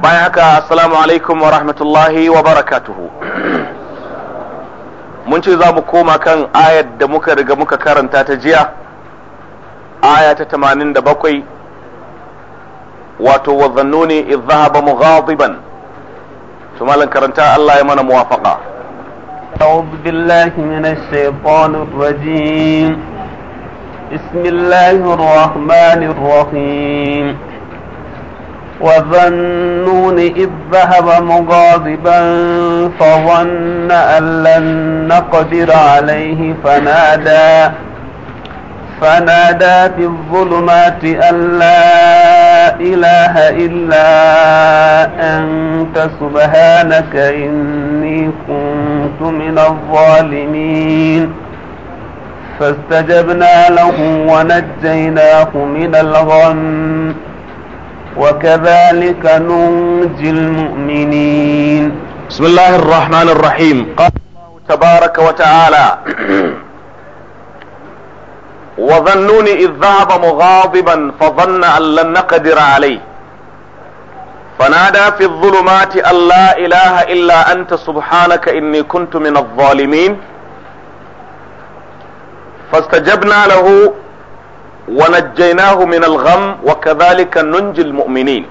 bayan haka assalamu alaikum wa rahmatullahi wa barakatuhu mun ce za mu koma kan ayat da muka riga muka karanta ta jiya aya ta tamanin da bakwai wato wazannuni idh dhahaba mughadiban to malan karanta Allah ya mana muwafaqa أعوذ بالله من الشيطان الرجيم بسم الله الرحمن الرحيم وظنون إذ ذهب مغاضبا فظن أن لن نقدر عليه فنادى فنادى في الظلمات أن لا إله إلا أنت سبحانك إني كنت من الظالمين فاستجبنا له ونجيناه من الغم وكذلك ننجي المؤمنين بسم الله الرحمن الرحيم قال الله تبارك وتعالى وظنوني إذ ذهب مغاضبا فظن أن لن نقدر عليه فنادى في الظلمات أن لا إله إلا أنت سبحانك إني كنت من الظالمين فاستجبنا له ونجيناه من الغم وكذلك ننجي المؤمنين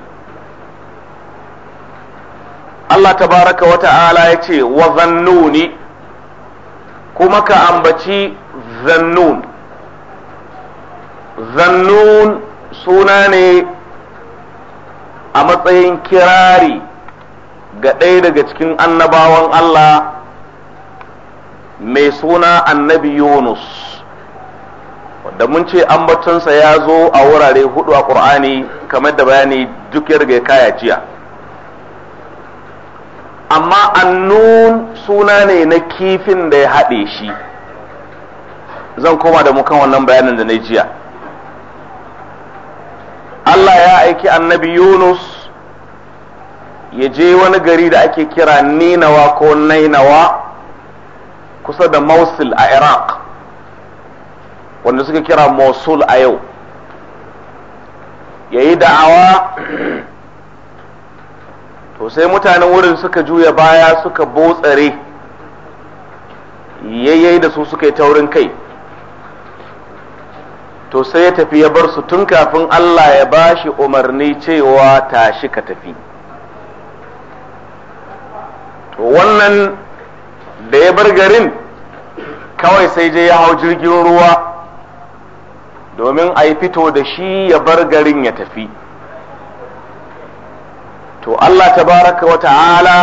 Allah tabaraka wa ta'ala ya ce wa zannuni kuma ka ambaci zannun zannun suna ne a matsayin kirari ga ɗaya daga cikin annabawan Allah mai suna annabi Yunus da mun ce ambatonsa ya zo a wurare hudu a ƙur'ani kamar da bayani duk ya kaya jiya amma annun suna ne na kifin da ya haɗe shi zan koma da mu kan wannan bayanin da na jiya Allah ya aiki annabi Yunus ya je wani gari da ake kira ninawa ko nainawa kusa da Mosul a Iraq wanda suka kira mosul a yau ya yi da'awa to sai mutanen wurin suka juya baya suka botsare yayyai da su suka yi taurin kai to sai ya tafi ya bar su tun kafin Allah ya ba shi umarni cewa tashi ka tafi to wannan da ya bar garin kawai sai je ya hau jirgin ruwa domin a yi fito da shi ya bar garin ya tafi to Allah Ta baraka wa ta'ala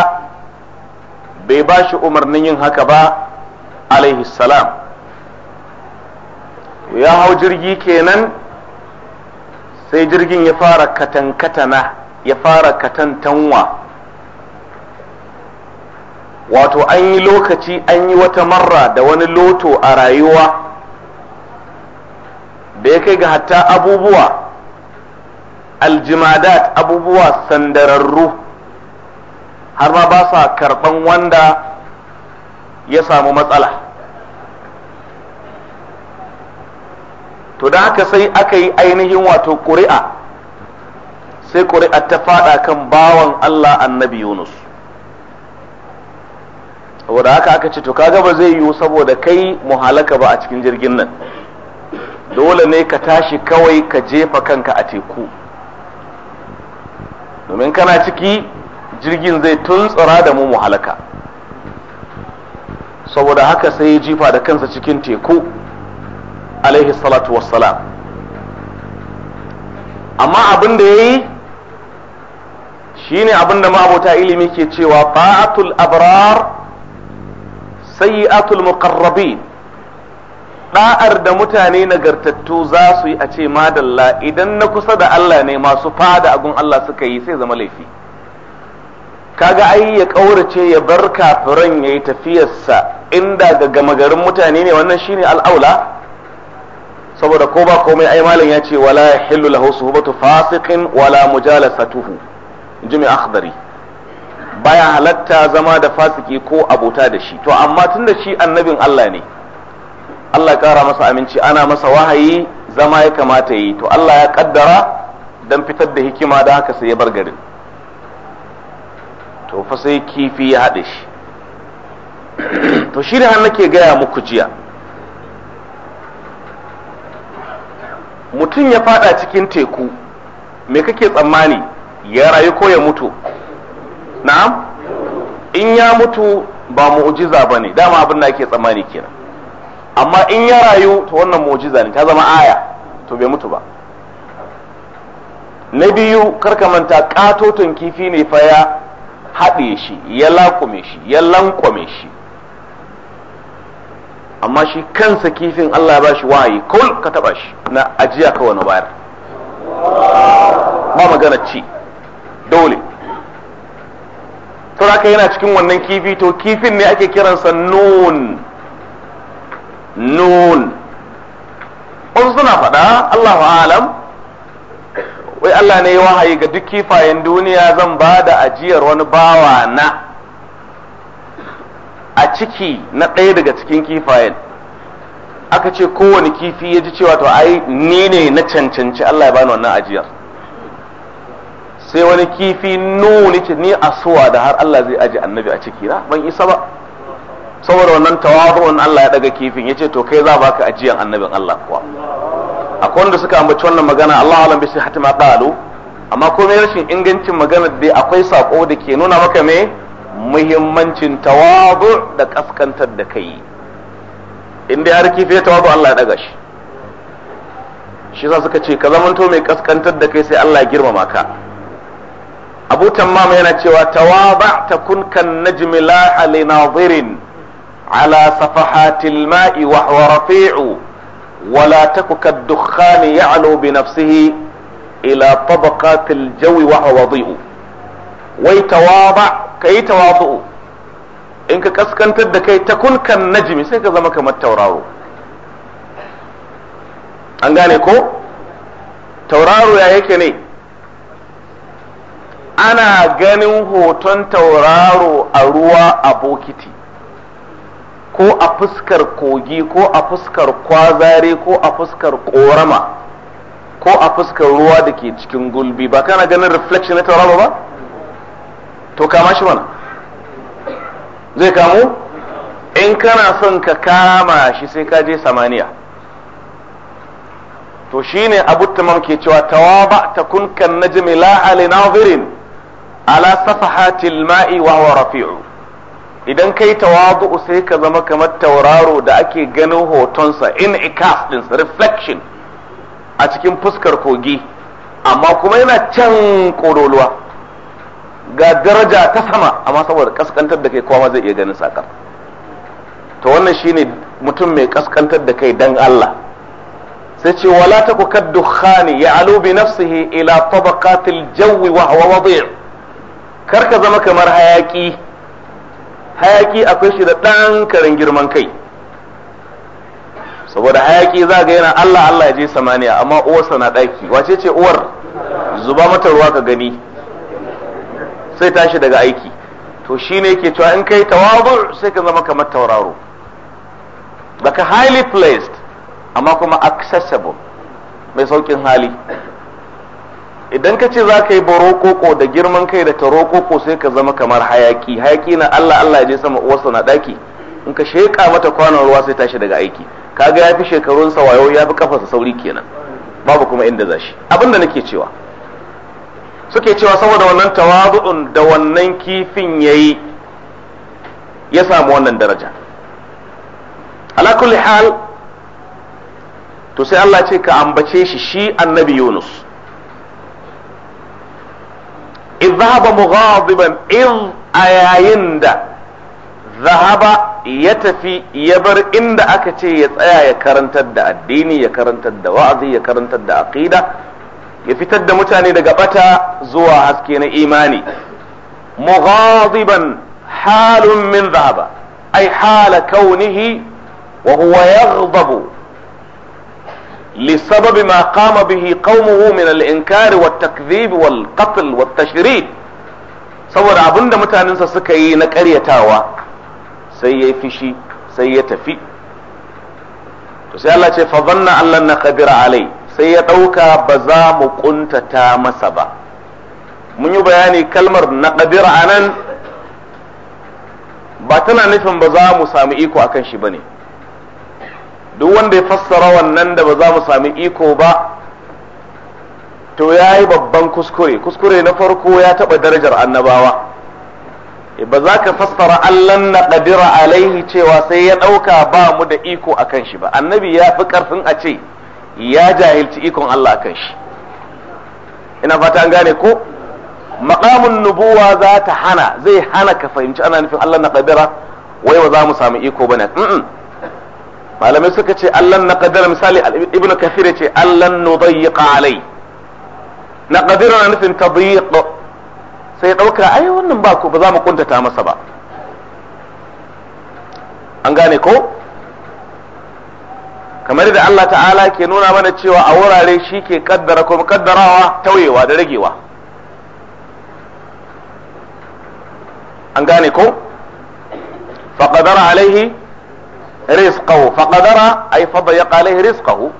bai ba shi umarnin yin haka ba alaihi salam ya hau jirgi kenan sai jirgin ya fara katankatana ya fara katantanwa wato an yi lokaci an yi wata marra da wani loto a rayuwa da ya kai ga hatta abubuwa aljimadat abubuwa sandararru har ma ba sa karɓan wanda ya samu matsala to da haka sai aka yi ainihin wato ƙuri'a sai ƙuri'a ta faɗa kan bawan Allah annabi Yunus saboda haka aka ce to kaga ba zai yiwu saboda kai muhalaka ba a cikin jirgin nan dole ne ka tashi kawai ka jefa kanka a teku domin kana ciki jirgin zai tuntsura da mu halaka saboda haka sai ya jifa da kansa cikin teku alaihi salatu wassalam amma abin da ya yi shi ne abin da ma'abuta ilimi ke cewa ta'atul abrar sayyi'atul muqarrabin da'ar da mutane nagartattu za su yi a ce madalla idan na kusa da Allah ne masu fada agun Allah suka yi sai zama laifi kaga ai ya kaurace ya bar kafiran ya yi tafiyarsa inda ga gama garin mutane ne wannan shine al'aula saboda ko ba komai ai malam ya ce wala ya yahillu lahu suhbatu fasiqin wala mujalasatuhu jimi akhdari baya halatta zama da fasiki ko abota da shi to amma tunda shi annabin Allah ne Allah ya kara masa aminci ana masa wahayi zama ya kamata yi to Allah ya kaddara dan fitar da hikima da haka sai ya bar garin to fa sai kifi ya haɗe shi to shi da nake gaya muku jiya mutum ya fada cikin teku me kake tsammani ya rayu ko ya mutu na'am in ya mutu ba mu'jiza ne, dama abin da ake tsammani kenan amma in ya rayu to wannan mu'jiza ne ta zama aya to bai mutu ba na biyu karka manta katoton kifi ne fa ya haɗe shi ya laƙume shi ya lankwame shi amma shi kansa kifin Allah ya ba shi wahayi kawai ka taba shi na ajiya kawai na bayar ba magana ci dole to haka yana cikin wannan kifi to kifin ne ake kiransa nun nun wasu suna faɗa Allahu alam wai Allah ne ya wahayi ga duk kifayen duniya zan ba da ajiyar wani bawa na a ciki na ɗaya daga cikin kifayen aka ce kowane kifi ya ji cewa to ai ni ne na cancanci Allah ya bani wannan ajiyar sai wani kifi nuni ce ni asuwa da har Allah zai aji annabi a ciki na ban isa ba saboda wannan tawadu'un Allah ya daga kifin yace to kai za baka ajiyan annabin Allah kuwa akwai wanda suka ambaci wannan magana Allah alam bi sihhati ma qalu amma komai rashin ingancin maganar dai akwai sako da ke nuna maka me muhimmancin tawadu da kaskantar da kai in dai har kifi ya tawadu Allah ya daga shi shi yasa suka ce ka zamanto mai kaskantar da kai sai Allah ya girmama ka Abu Tammam yana cewa tawaba takun kan najmi la على صفحات الماء وهو رفيع ولا تك كالدخان يعلو بنفسه إلى طبقات الجو وهو وضيء ويتواضع كي تواضع إنك كسكن تد كي تكون كالنجم سيك زمك ما التورارو أنغانيكو تورارو يا هيكني أنا ganin hoton tauraro a ruwa a bokiti ko a fuskar kogi ko a fuskar kwazare ko a fuskar korama ko a fuskar ruwa da ke cikin gulbi ba kana ganin reflection na tauraro ba to kama shi mana zai kamu in kana son ka kama shi sai ka je samaniya to shi ne abu tamam ke cewa tawaba ta kunkan na najmi la ala nazirin ala safahatil ma'i wa huwa rafi'u idan kai tawadu sai ka zama kamar tauraro da ake ganin hotonsa in din reflection a cikin fuskar kogi amma kuma yana can kololuwa ga daraja ta sama amma saboda kaskantar da kai kowa zai iya ganin sakar to wannan shine mutum mai kaskantar da kai dan Allah sai ce wala ta khani ya ya'lu bi nafsihi ila tabaqatil jawi wa huwa wadi' kar ka zama kamar hayaki hayaki akwai shi da ɗan karin girman kai saboda hayaki za ga yana Allah Allah ya je samaniya amma uwarsa na ɗaki wace ce uwar zuba mata ruwa ka gani sai tashi daga aiki to shine ke cewa in kai tawadu sai ka zama kamar tauraro baka highly placed amma kuma accessible mai saukin hali idan ka ce za ka yi barokoko da girman kai da tarokoko sai ka zama kamar hayaki hayaki na Allah Allah je sama uwarsa na daki in ka sheka mata kwanan ruwa sai tashi daga aiki kaga yafi shekarun sa wayo ya fi kafarsa sauri kenan babu kuma inda za shi. abinda nake cewa suke cewa saboda wannan tawadu'un da wannan kifin yayi ya samu wannan daraja ala kulli hal to sai Allah ce ka ambace shi shi annabi Yunus إذ ذهب مغاضبا إذ أيايند ذهب يتفي يبر إند أكتي يتأيا يكرنت تد الديني يكرنت تد وعظي يكرنت تد عقيدة يفتد دا متاني لقبتا زوا هسكين إيماني مغاضبا حال من ذهب أي حال كونه وهو يغضب لسبب ما قام به قومه من الإنكار والتكذيب والقتل والتشريد saboda abin da mutanensa suka yi na ƙaryatawa sai ya fishi sai ya tafi to sai Allah ce fa zanna Allah na kabira alai sai ya ɗauka ba za mu ƙuntata masa ba mun yi bayani kalmar na kabira anan ba tana nufin ba za mu samu iko akan shi ba ne duk wanda ya fassara wannan da ba za mu sami iko ba to ya yi babban kuskure kuskure na farko ya taɓa darajar annabawa eh, ba za ka fassara allan na ƙadira alaihi cewa sai ya ɗauka ba mu da iko a kan shi ba annabi ya fi ƙarfin a ce ya jahilci ikon allah a kan shi ina fata an gane ko maƙamun nubuwa za ta hana zai hana ka fahimci ana nufin allah na ƙadira wai ba za mu sami iko ba ne malamai suka ce allan na kadar misali ibnu kafir ce allan nudayyiqa alai na kadar na nufin tadyiq sai dauka ai wannan ba ku ba za mu kuntata masa ba an gane ko kamar da Allah ta'ala ke nuna mana cewa a wurare shi ke kaddara kuma kaddarawa tauyewa da ragewa an gane ko faƙadar alaihi rizqahu faqadara ay fadayqa alaihi rizqahu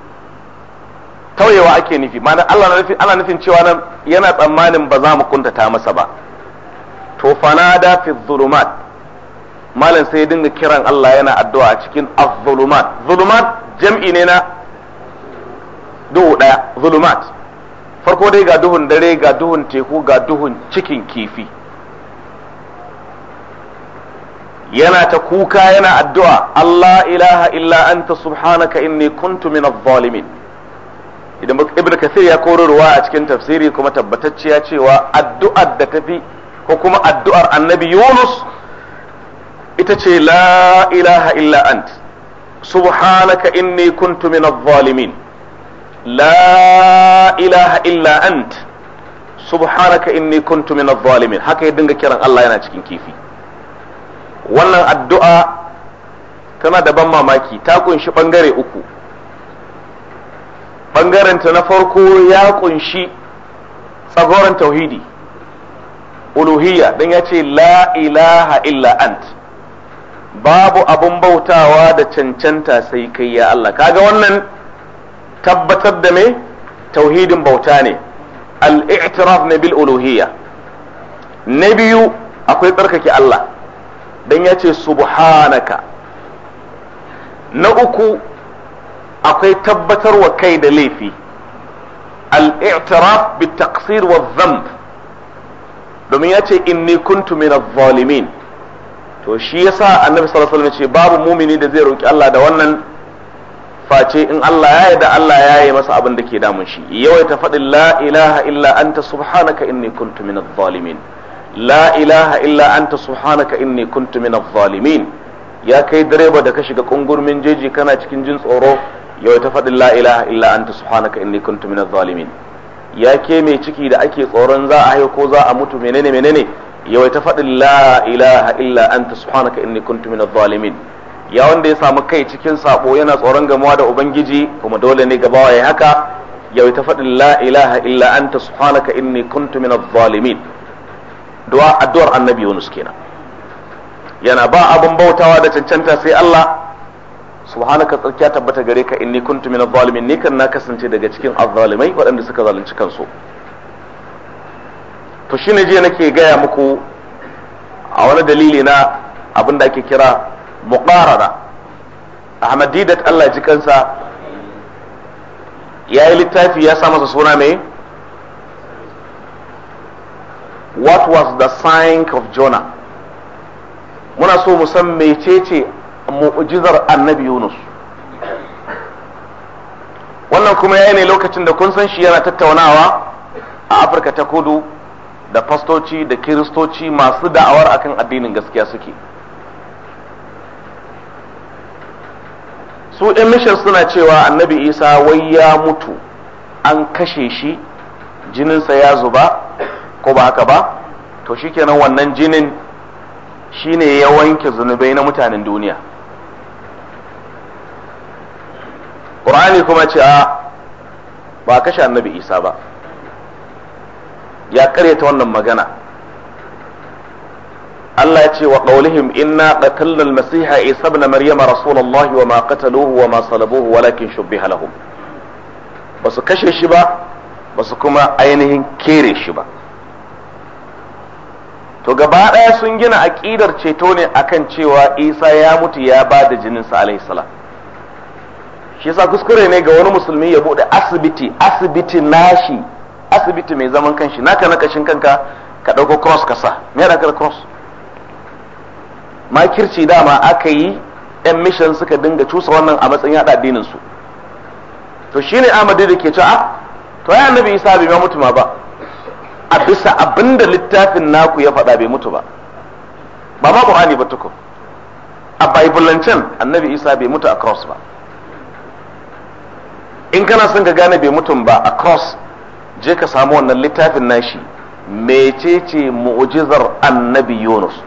tauyewa ake nufi ma'ana Allah nufi ana nufin cewa nan yana tsammanin ba za mu kuntata masa ba to fanada fi zulumat malam sai dinga kiran Allah yana addu'a cikin az-zulumat zulumat jam'i ne na duhu daya zulumat farko dai ga duhun dare ga duhun teku ga duhun cikin kifi yana ta kuka yana addu'a Allah ilaha illa anta subhanaka inni kuntu minadh zalimin idan ibn kasir ya korarwa ruwa a cikin tafsiri kuma tabbatacciya cewa addu'ar da tafi ko kuma addu'ar annabi yunus ita ce la ilaha illa anta subhanaka inni kuntu minadh zalimin la ilaha illa anta subhanaka inni kuntu minadh zalimin haka ya dinga kiran Allah yana cikin kifi wannan addu'a tana da ban mamaki ta kunshi ɓangare uku ɓangarenta na farko ya kunshi tsagoron tauhidi uluhiyya don ya ce la ilaha illa ant babu abun bautawa da cancanta sai kai ya Allah kaga wannan tabbatar da me tauhidin bauta ne al-i'tiraf na bil uluhiyya na biyu akwai tsarkake Allah dan ya ce subhanaka na uku akwai tabbatarwa kai da laifi ali'tiraf bi taqsir wa dhanb domin ya ce inni kuntu min adh to shi yasa annabi sallallahu alaihi ce babu mumini da zai roki Allah da wannan face in Allah ya da Allah ya yi masa abin da ke damun shi yawaita faɗin la ilaha illa anta subhanaka inni kuntu min adh la ilaha illa anta subhanaka inni kuntu minadh zalimin ya kai direba da ka shiga kungurmin jeji kana cikin jin tsoro ya ta fadin la ilaha illa anta subhanaka inni kuntu minadh zalimin ya ke mai ciki da ake tsoron za a haihu ko za a mutu menene menene ya ta fadin la ilaha illa anta subhanaka inni kuntu minadh zalimin ya wanda ya samu kai cikin sabo yana tsoron gamuwa da ubangiji kuma dole ne gabawa ya haka ya ta fadin la ilaha illa anta subhanaka inni kuntu minadh zalimin du'a addu'ar annabi Yunus kenan yana ba abin bautawa da cancanta sai Allah subhanaka tsarkiya tabbata gare ka inni kuntu minadh zalimin ni kan na kasance daga cikin azzalimai waɗanda suka zalunci kansu to shine je nake gaya muku a wani dalili na abin da ake kira muqarara Ahmadidat Allah ji kansa yayi littafi ya sa masa suna mai what was the sign of Jonah muna so mu san mecece mu'jizar annabi Yunus wannan kuma yayi ne lokacin da kun san shi yana tattaunawa a Afirka ta kudu da fastoci da kiristoci masu da'awar akan addinin gaskiya suke su ɗin mishin suna cewa annabi isa wai ya mutu an kashe shi jininsa ya zuba ko ba haka ba to shikenan wannan jinin shine ya wanke zunubai na mutanen duniya ƙur'ani kuma ce a ba kashe annabi isa ba ya ta wannan magana Allah ya ce wa ƙaulihim inna qatalna al-masiha isa ibn maryama rasulullahi wa ma qataluhu wa ma salabuhu walakin shubbiha lahum basu kashe shi ba basu kuma ainihin kere shi ba to gaba ɗaya sun gina aƙidar ceto ne akan cewa isa ya mutu ya ba da jininsa alaihi sala shi yasa kuskure ne ga wani musulmi ya buɗe asibiti asibiti nashi asibiti mai zaman kanshi naka na kashin kanka ka ɗauko cross ka sa me ya da cross makirci dama aka yi yan mission suka dinga cusa wannan a matsayin haɗa addinin su to shine Amadu da ke cewa ah, to ya annabi isa bai mutu ma ba a bisa abinda littafin naku ya faɗa bai mutu ba ba ma ƙur'ani ba tukun a baibulancen annabi isa bai mutu a cross ba in kana son ka gane bai mutum ba a cross je ka samu wannan littafin nashi mecece mu'ujizar annabi yunus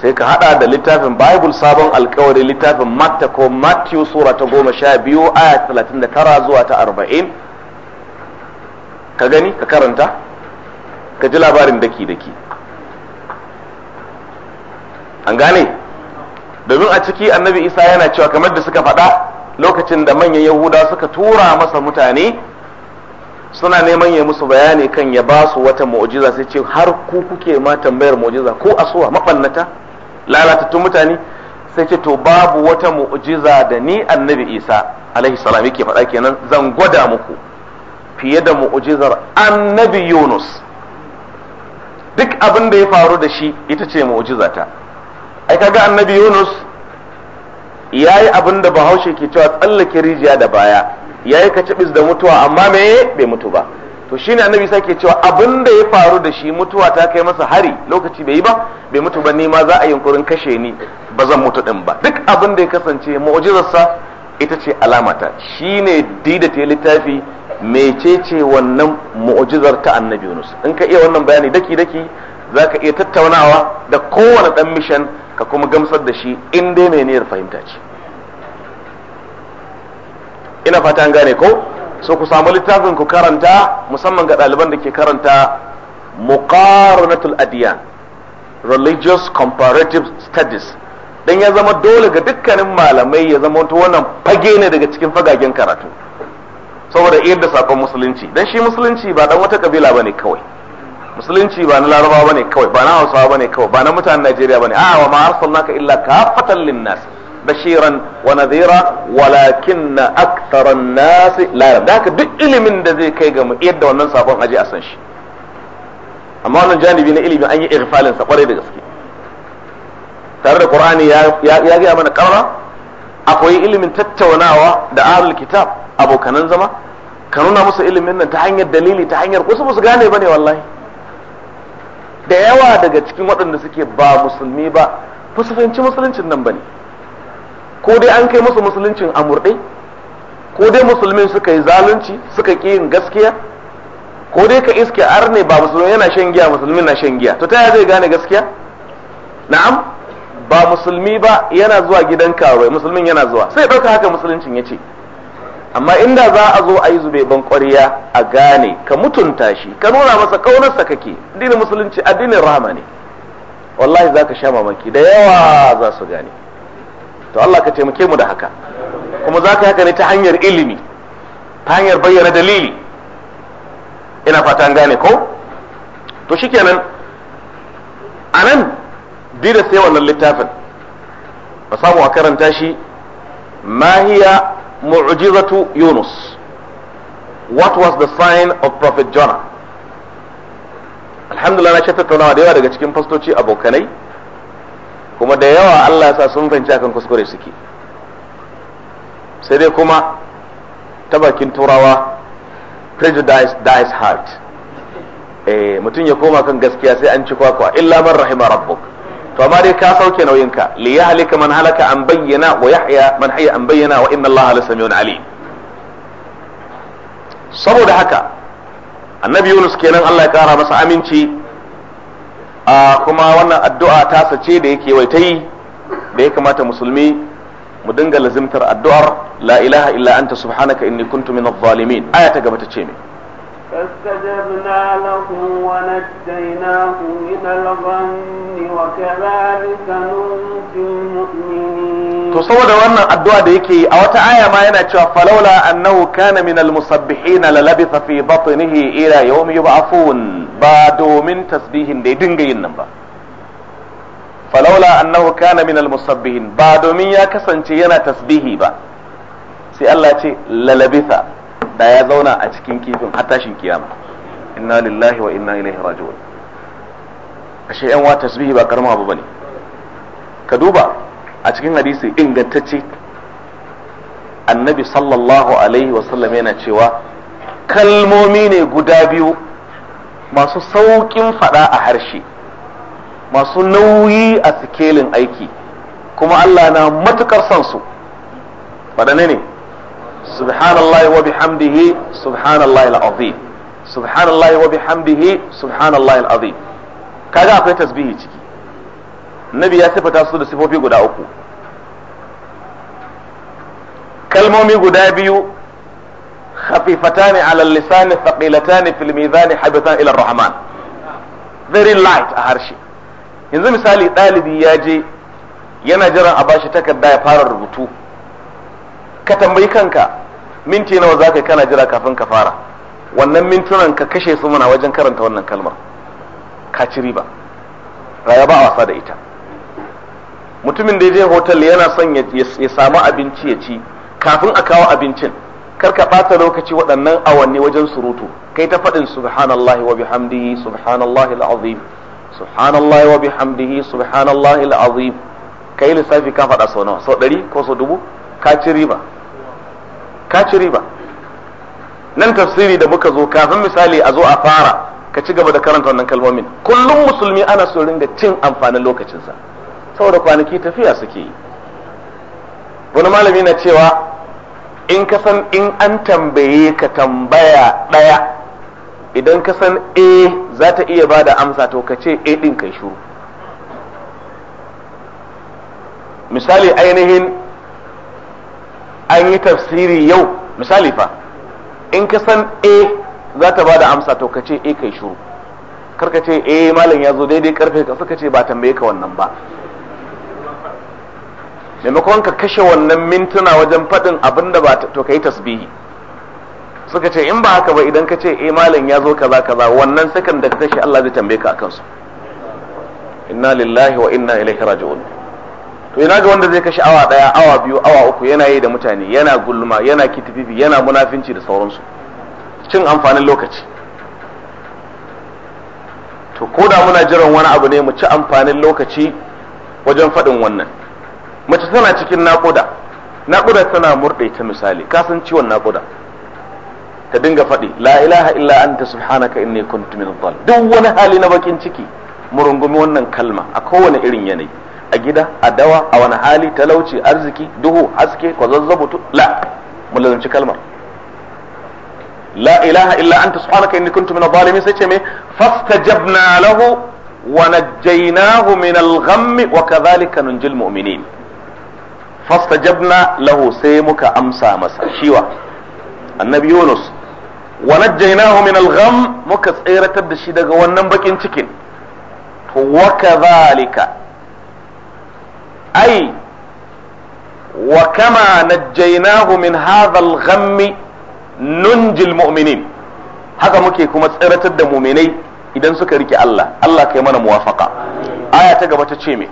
sai ka hada da littafin bible sabon alkawari littafin matta ko matthew sura ta goma sha biyu aya talatin da tara zuwa ta arba'in ka gani ka karanta ka ji labarin daki-daki an gane domin a ciki annabi isa yana cewa kamar da suka faɗa lokacin da manyan yahuda suka tura masa mutane suna neman ya musu bayani kan ya ba su wata mu'ujiza, sai ce har ku kuke ma tambayar mu'jiza ko asuwa mabannata lalatattun mutane sai ce to babu wata mu'jiza da ni annabi isa alaihi salam yake faɗa kenan zan gwada muku fiye da mu'ujizar annabi yunus duk abin da ya faru da shi ita ce mu'ujizata ai kaga annabi yunus ya yi abin da bahaushe ke cewa tsallake rijiya da baya ya yi kacibis da mutuwa amma me bai mutu ba to shine annabi sa ke cewa abin da ya faru da shi mutuwa ta kai masa hari lokaci bai yi ba bai mutu ba ni ma za a yunkurin kashe ni ba zan mutu din ba duk abin da ya kasance mu'jizarsa ita ce alamata shine didata littafi mecece wannan mu'ujizar ta annabi Yunus in ka iya wannan bayani daki daki za ka iya tattaunawa da kowane dan mishan ka kuma gamsar da shi in dai mai niyyar fahimta ce ina fata an gane ko so ku samu littafin ku karanta musamman ga ɗaliban da ke karanta muqaranatul adiyan religious comparative studies dan ya zama dole ga dukkanin malamai ya zama to wannan fage ne daga cikin fagagen karatu saboda yadda sakon musulunci dan shi musulunci ba dan wata kabila bane kawai musulunci ba na larabawa bane kawai ba na hausawa bane kawai ba na mutanen najeriya bane a'a wa ma arsalnaka illa kafatan linnas bashiran wa nadhira walakin akthara an-nas la Da haka duk ilimin da zai kai ga mu yadda wannan sakon aje a san shi amma wannan janibi na ilimi an yi irfalin sa kwarai da gaske tare da qur'ani ya gaya mana karra akwai ilimin tattaunawa da ahlul kitab abokanan zama ka nuna musu ilimin nan ta hanyar dalili ta hanyar wasu musu gane bane wallahi da yawa daga cikin waɗanda suke ba musulmi ba ba su fahimci musuluncin nan bane ko dai an kai musu musuluncin a murɗe ko dai musulmin suka yi zalunci suka ƙi yin gaskiya ko dai ka iske arne ba musulmi yana shan giya musulmin na shan giya to ta ya zai gane gaskiya na'am ba musulmi ba yana zuwa gidan karo, musulmin yana zuwa sai ɗauka haka musuluncin ya ce amma inda za a zo a yi zube ban ƙwariya a gane ka mutunta shi ka nuna masa ƙaunarsa kake addinin musulunci addinin rahama ne wallahi za ka sha mamaki da yawa za su gane to Allah ka taimake mu da haka kuma za ka haka ne ta hanyar ilimi ta hanyar bayyana dalili ina fata an gane ko to shikenan anan duk sai wannan littafin a samu a karanta shi mahiya mu'jizatu yunus what was the sign of prophet jonah alhamdulillah na tattaunawa da yawa daga cikin fastoci abokanai kuma da yawa Allah ya sa sun fahimci akan kuskure suke sai dai kuma ta bakin turawa prejudice dies Heart. Eh, mutum ya koma kan gaskiya sai an ci kwakwa illa man rahima rabbuk to amma dai ka sauke nauyinka li yahlika man halaka an bayyana wa yahya man hayya an bayyana wa inna allaha saboda haka annabi yunus kenan allah ya kara masa aminci a kuma wannan addu'a ta sace da yake wai ta da ya kamata musulmi mu dinga lazimtar addu'ar la ilaha illa anta subhanaka inni kuntu minadh dhalimin aya ta gaba ta ce me فاستجبنا له ونجيناه من الغم وكذلك ننجي المؤمنين to saboda wannan addu'a da yake a wata aya ma yana cewa falaula annahu kana min almusabbihin la labitha fi batnihi ila yawm yub'athun ba domin tasbihin da ya dinga yin nan ba falaula annahu kana min almusabbihin ba domin ya kasance yana tasbihi ba sai Allah ce la da ya zauna a cikin kifin har tashin kiyama inna lillahi wa inna ilaihi raji'un ashe yan wa tasbihi ba karama abu bane ka duba a cikin hadisi ingantacce annabi sallallahu alaihi wa sallam yana cewa kalmomi ne guda biyu masu saukin fada a harshe masu nauyi a sikelin aiki kuma Allah na matukar son su faɗane ne subhanallahi wa bihamdihi subhanallahi al'azim subhanallahi wa bihamdihi subhanallahi al'azim kaga akwai tasbihi ciki nabi ya sifata su da sifofi guda uku kalmomi guda biyu خفيفتان على اللسان ثقيلتان في الميزان حبثان الى الرحمن very light a harshe yanzu misali ɗalibi ya je yana jiran a bashi takarda ya fara rubutu ka tambayi kanka minti nawa za ka yi kana jira kafin ka fara wannan mintunan ka kashe su mana wajen karanta wannan kalmar ka ci riba raya ba a wasa da ita mutumin da ya je hotel yana son ya samu abinci ya ci kafin a kawo abincin kar ka ɓata lokaci waɗannan awanni wajen surutu kai ta faɗin subhanallahi wa bihamdihi subhanallahi al'azim subhanallahi wa bihamdihi subhanallahi al'azim kai lissafi ka faɗa sau nawa sau ɗari ko sau dubu ka ci riba ka ci riba nan tafsiri da muka zo kafin misali a zo a fara ka ci gaba da karanta wannan kalmomin kullum musulmi ana so ringa cin amfanin lokacinsa saboda kwanaki tafiya suke yi wani malami na cewa in ka san in an tambaye ka tambaya ɗaya idan ka san a za ta iya ba da amsa to ka ce a ɗin kai shuru misali ainihin an yi tafsiri yau misali fa in ka san a za ta ba da amsa to ka ce a kai shuru karka ce a eh, malam ya zo daidai karfe ka suka ce ba tambaye ka wannan ba maimakon ka kashe wannan mintuna wajen faɗin abin da ba to ka yi tasbihi suka ce in ba haka ba idan ka ce a eh, malam ya zo kaza kaza wannan sakan da ka tashi Allah zai tambaye ka akan su inna lillahi wa inna ilaihi raji'un to ina ga wanda zai kashe awa daya awa biyu awa uku yana yi da mutane yana gulma yana kitififi yana munafinci da sauransu cin amfanin lokaci to ko da muna jiran wani abu ne mu ci amfanin lokaci wajen faɗin wannan mace tana cikin naƙuda naƙuda tana murɗe ta misali kasan ciwon naƙuda ta dinga faɗi la ilaha illa anta subhanaka inni kuntu min duk wani hali na bakin ciki mu rungumi wannan kalma a kowane irin yanayi a gida a dawa a wani hali talauci arziki duhu haske kwazazzabutu la mu lazumci kalmar la ilaha illa anta subhanaka inni kuntu minadh zalimin sai ce me fastajabna lahu wa najjaynahu min al-ghammi wa kadhalika nunjil mu'minin fastajabna lahu sai muka amsa masa shiwa annabi yunus wa najjaynahu min al-gham muka tseratar da shi daga wannan bakin cikin to wa kadhalika wa kama أي وكما نجيناه من هذا الغم muminin haka muke kuma كما da muminai idan suka rike Allah Allah kai mana muwafaqa aya ta gaba ta ce me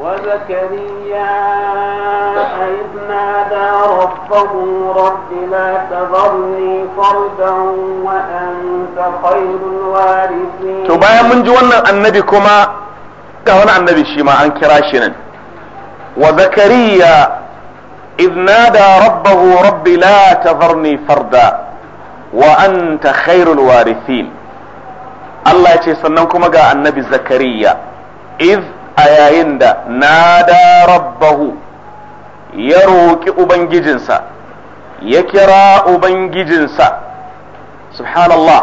wa zakariya aidna da rabbahu rabbi la tadhalli fardan wa anta khayrul warithin to bayan mun ji wannan annabi kuma ga wani annabi shi ma an kira shi nan وزكريا إذ نادى ربه رب لا تذرني فردا وأنت خير الوارثين الله يتي سننكم قال النبي زكريا إذ أيايند نادى ربه يروك جنسا يكرا جنسا سبحان الله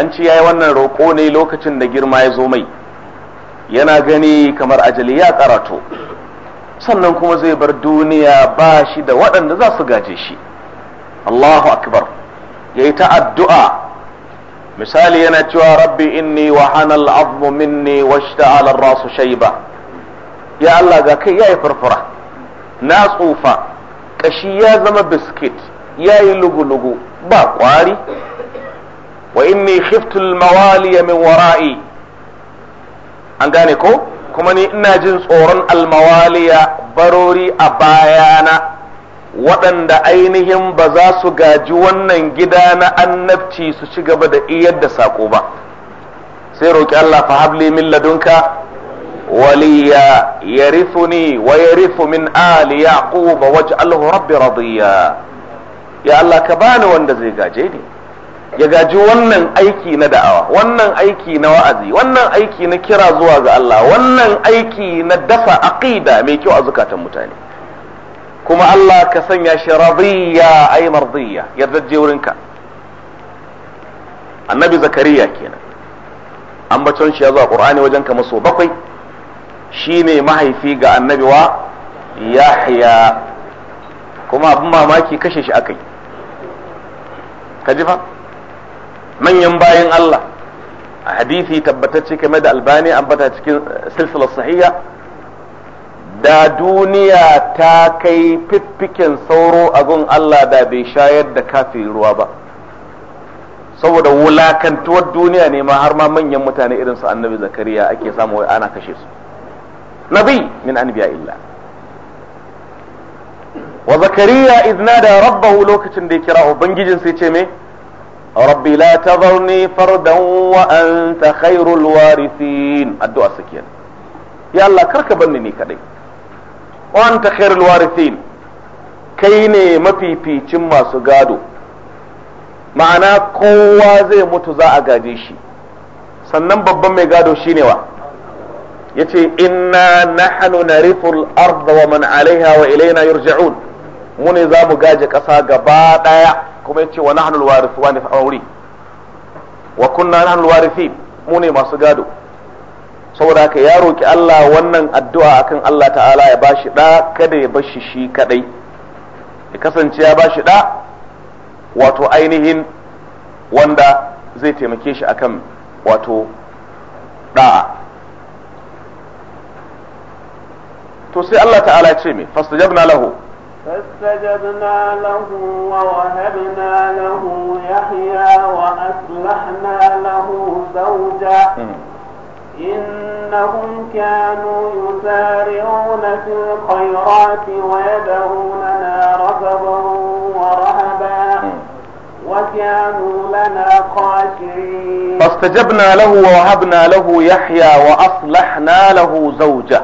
أنت يا يوانا روكوني لوكتن نجير ما يزومي ينا zo كمر أجلي يا kamar sannan kuma zai bar duniya ba shi da waɗanda za su gaje shi Allahu akbar ya yi ta addu'a misali yana cewa rabbi inni wa hanal azmu minni wa shta'ala rasu shayba ya Allah ga kai yi farfara na tsufa kashi ya zama biskit ya yi lugu-lugu ba ƙwari. wa inni khiftu al mawali min wara'i an gane ko kuma ni ina jin tsoron almawaliya barori a bayana waɗanda ainihin ba za su gaji wannan gida na annabci su ci gaba da iyar da saƙo ba sai roƙi Allah fa habli min ladunka waliya yarifuni wa yarifu min ali yaqub waj'alhu rabbi radiya ya Allah ka bani wanda zai gaje ni ya gaji wannan aiki na da'awa wannan aiki na wa'azi wannan aiki na kira zuwa ga Allah wannan aiki na dafa aqida mai kyau a zukatan mutane kuma Allah ka sanya shi radiyya ay mardiyya yardaje wurinka annabi zakariya kenan ambaton shi ya zo a qur'ani wajen kama so bakwai shine mahaifi ga annabi wa yahya kuma abin mamaki kashe shi akai ka ji fa manyan bayan Allah a hadisi tabbatacce kame da albani ambata cikin eh, silsilar sahiya da duniya ta kai fiffiken sauro a gun Allah da bai shayar da kafin ruwa ba saboda wulakantuwar duniya ne ma har ma manyan mutane irin su annabi zakariya ake samu wai ana kashe su nabi min anbiya illa wa zakariya da rabbahu lokacin da ya kira ubangijin sai ce me rabbi la tazarni fardan wa anta khairul warithin addu'a sakiyan ya Allah karka banni ni kadai wa anta khairul warithin kai ne mafificin masu gado ma'ana kowa zai mutu za a gaje shi sannan babban mai gado shine wa yace inna nahnu narithul arda wa man alaiha wa ilaina yurja'un mu ne za mu gaje ƙasa gaba ɗaya kuma ya ce wa nahnu wa a wuri wa kunna nahnul mu ne masu gado saboda haka ya roki Allah wannan addu'a akan Allah ta'ala ya bashi da kada ya bashi shi kadai ya kasance ya bashi da wato ainihin wanda zai taimake shi akan wato da to sai Allah ta'ala ce mai fastajabna lahu فاستجبنا له ووهبنا له يحيى وأصلحنا له زوجا نعم. إنهم كانوا يسارعون في الخيرات ويدعوننا رغبا ورهبا نعم. وكانوا لنا خاشعين فاستجبنا له ووهبنا له يحيى وأصلحنا له زوجا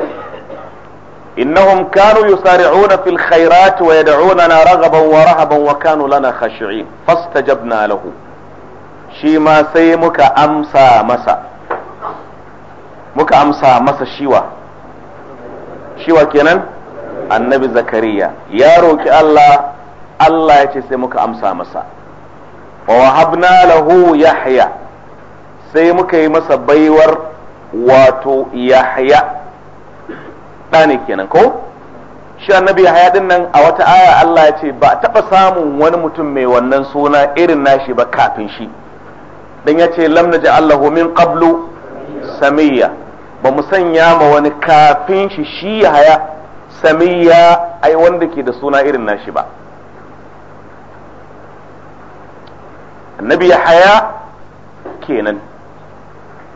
إنهم كانوا يسارعون في الخيرات ويدعوننا رغبا ورهبا وكانوا لنا خاشعين فاستجبنا له شيما سيمك أمسى مسا muka amsa masa shiwa shiwa kenan annabi zakariya ya roki Allah Allah sai muka amsa masa wa wahabna lahu yahya sai muka yi masa baiwar wato yahya ɗa ne kenan ko shi annabi haya din nan a wata aya Allah ya ce ba a taɓa samun wani mutum mai wannan suna irin nashi ba kafin shi dan ya ce lam naja Allahu min qablu samiyya ba mu sanya ma wani kafin shi shi haya samiyya ai wanda ke da suna irin nashi ba annabi haya kenan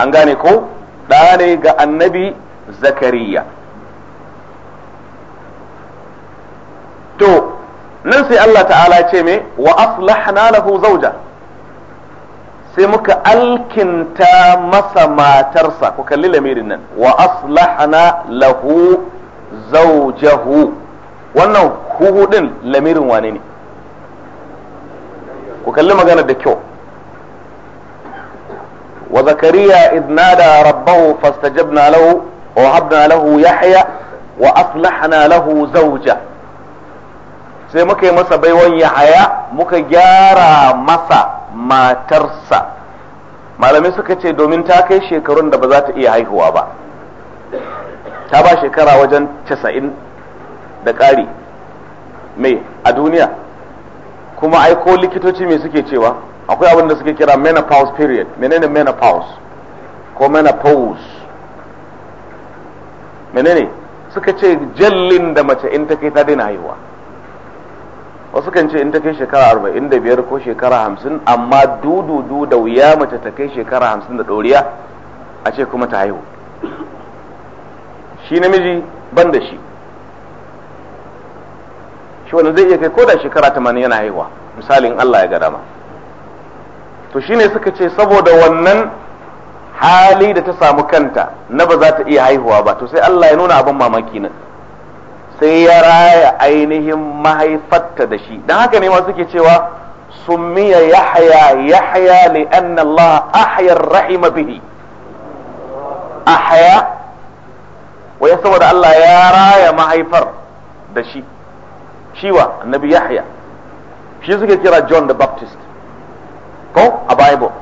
an gane ko ɗa ne ga annabi zakariya to nan sai Allah ta'ala ce me wa aslahna lahu zauja sai muka alkinta masa matarsa ku kalli lamirin nan wa aslahna lahu zaujahu wannan huhu ɗin lamirin wane ne ku kalli magana da kyau wa zakariya idh nada rabbahu fastajabna lahu wa habna lahu yahya wa aslahna lahu zaujahu sai muka yi masa baiwan haya muka gyara masa matarsa malamai suka ce domin ta kai shekarun da ba za ta iya haihuwa ba ta ba shekara wajen casa'in da ƙari mai a duniya kuma aiko likitoci mai suke cewa akwai abin da suke kira menopause period menene menopause ko menopause menene suka ce jallin da mace in ta kai ta daina haihuwa wasu kan ce in ta kai shekara arba'in da biyar ko shekara hamsin amma dududu da wuya mace ta kai shekara hamsin da ɗoriya a ce kuma ta haihu shi namiji ban da shi shi wani zai iya kai ko da shekara tamanin yana haihuwa misalin Allah ya ga dama to ne suka ce saboda wannan hali da ta samu kanta na ba za ta iya haihuwa ba to sai Allah ya nuna abin mamaki nan sai ya raya ainihin mahaifarta da shi don haka ne masu ke cewa summiya yahya yahya li anna Allah ahya rahima bihi ahya wai saboda Allah ya raya mahaifar da shi shiwa annabi yahya shi suke kira John the Baptist ko a Bible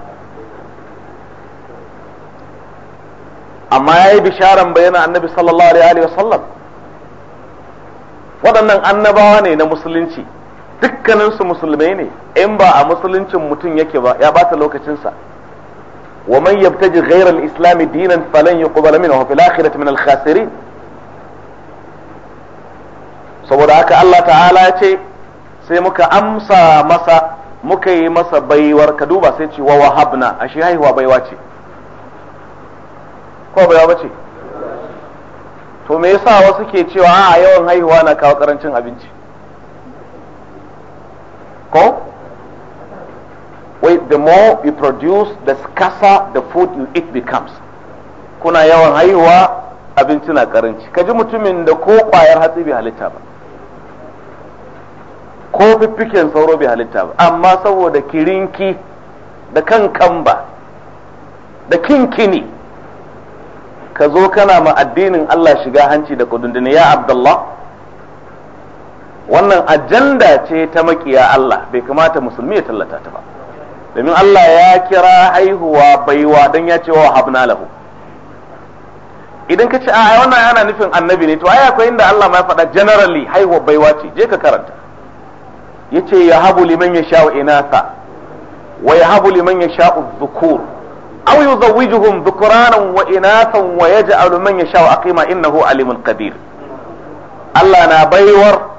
amma ya yi bisharan bayanan annabi sallallahu alaihi wa sallam waɗannan annabawa ne na musulunci dukkaninsu musulmai ne in ba a musuluncin mutum yake ba ya bata lokacinsa wa man yabtaji ghayra al-islam dinan falan yuqbal minhu fil akhirati min al-khasirin saboda haka Allah ta'ala ya ce sai muka amsa masa muka yi masa baiwar ka duba sai ce wa wahabna ashe haihuwa baiwa ce ko baiwa ce. to me yasa wasu ke cewa a yawan haihuwa na kawo karancin abinci ko wait the more you produce the scarcer the food you eat becomes kuna yawan haihuwa abinci na karanci kaji mutumin da ko kwayar hatsi bai halitta ba ko fiffiken sauro bai halitta ba amma saboda kirinki da kan kamba da kinkini ka zo kana ma addinin Allah shiga hanci da kudundun ya Abdullah wannan ajanda ce ta makiya Allah bai kamata musulmi ya tallata ta ba domin Allah ya kira haihuwa baiwa dan ya ce wa habna lahu idan ka ce a wannan yana nufin annabi ne to ai akwai inda Allah ma ya faɗa generally haihuwa baiwa ce je ka karanta yace ya habu liman yasha'u inasa wa ya habu liman yasha'u dhukur aw yuzawwijuhum dhukranan wa inathan wa yaj'alu man yasha'u aqima innahu alimun qadir Allah na baiwar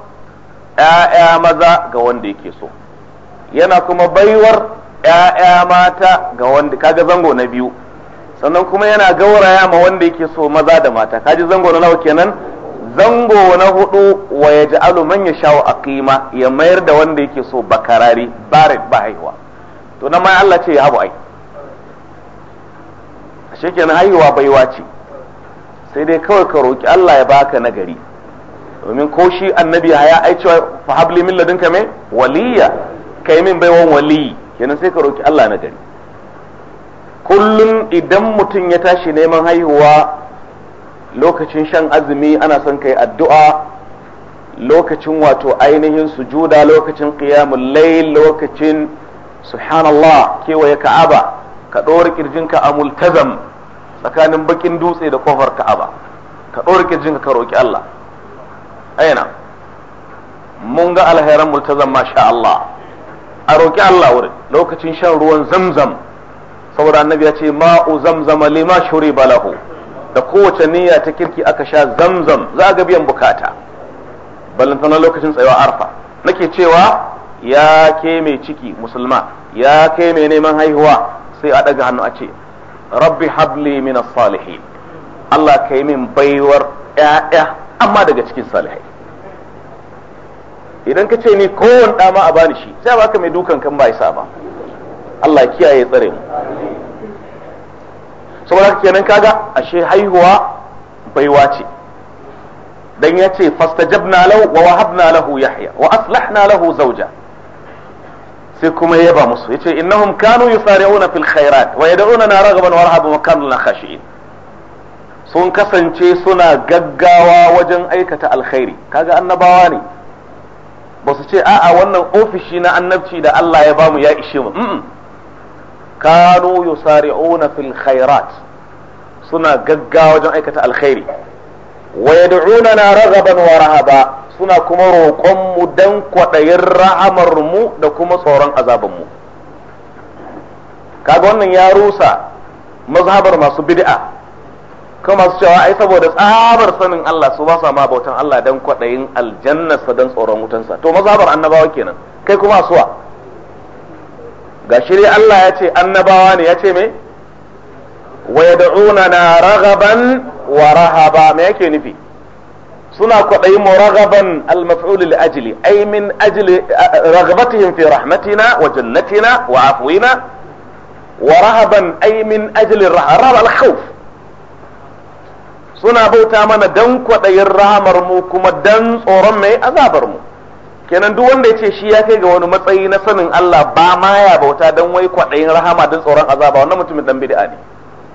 ‘ya'ya maza ga wanda yake so, yana kuma baiwar ‘ya'ya mata ga wanda kaga zango na biyu, sannan kuma yana gauraya ma wanda yake so maza da mata, kaji zango na nawa kenan zango na hudu wa ya man ya aqima ya mayar da wanda yake so bakarari barik ba haihuwa. To na mai Allah ce ya habu ai. ashe haihuwa baiwa ce sai dai kawai ka roki Allah ya baka nagari domin ko shi annabi ya ai cewa fa habli min ladunka me waliya kai min baiwan wali kenan sai ka roki Allah nagari kullum idan mutum ya tashi neman haihuwa lokacin shan azumi ana son kai addu'a lokacin wato ainihin sujuda lokacin qiyamul lail lokacin subhanallah kewaye ka'aba ka ɗora kirjinka a multazam tsakanin bakin dutse da kofar ka'aba ka ɗora kirjinka ka roƙi Allah aina mun ga alheran multazam masha Allah a roƙi Allah wurin lokacin shan ruwan zamzam saboda annabi ya ce ma'u zamzama lima shuri balahu da kowace niyya ta kirki aka sha zamzam za ga biyan bukata ballantana lokacin tsayawa arfa nake cewa ya ke mai ciki musulma ya ke mai neman haihuwa sai a daga hannu a ce rabbi habli min salihin Allah ka yi min baiwar ƴaƴa amma daga cikin salihai idan ka ce ni kowane ɗa a bani shi sai baka mai dukan kan ba isa ba Allah kiyaye tsare mu saboda kenan kaga ashe haihuwa baiwa ce dan yace fastajabna lahu wa wahabna lahu yahya wa aslahna lahu zawja sai kuma yaba musu yace innahum kanu yusari'una fil khairat wa yad'una na ragaban wa rahaban wa kanu lana khashi'in sun kasance suna gaggawa wajen aikata alkhairi kaga annabawa ne ba su ce a'a wannan ofishi na annabci da Allah ya bamu ya ishe mu kanu yusari'una fil khairat suna gaggawa wajen aikata alkhairi wa yad'una na ragaban wa rahaba suna kuma roƙonmu don kwaɗayin ra'amarmu da kuma tsoron azabanmu kaga wannan ya rusa mazhabar masu bid'a kuma masu cewa ai saboda tsabar sanin Allah su ba sa ma bautan Allah don kwaɗayin aljannarsa don tsoron wutansa to mazhabar annabawa kenan kai kuma asuwa ga shirya Allah ya ce annabawa ne ya ce me wa yad'una na ragaban wa rahaba me yake nufi suna kwaɗayin mu ragaban al-maf'ul li ajli ay min ajli ragabatihim fi rahmatina wa jannatina wa afwina wa rahaban ay min ajli rahab al suna bauta mana dan kwaɗayin rahamar mu kuma dan tsoron mai azabar mu kenan duk wanda ya ce shi ya kai ga wani matsayi na sanin Allah ba ma ya bauta dan wai kwaɗayin rahama dan tsoron azaba wannan mutumin dan bid'a ne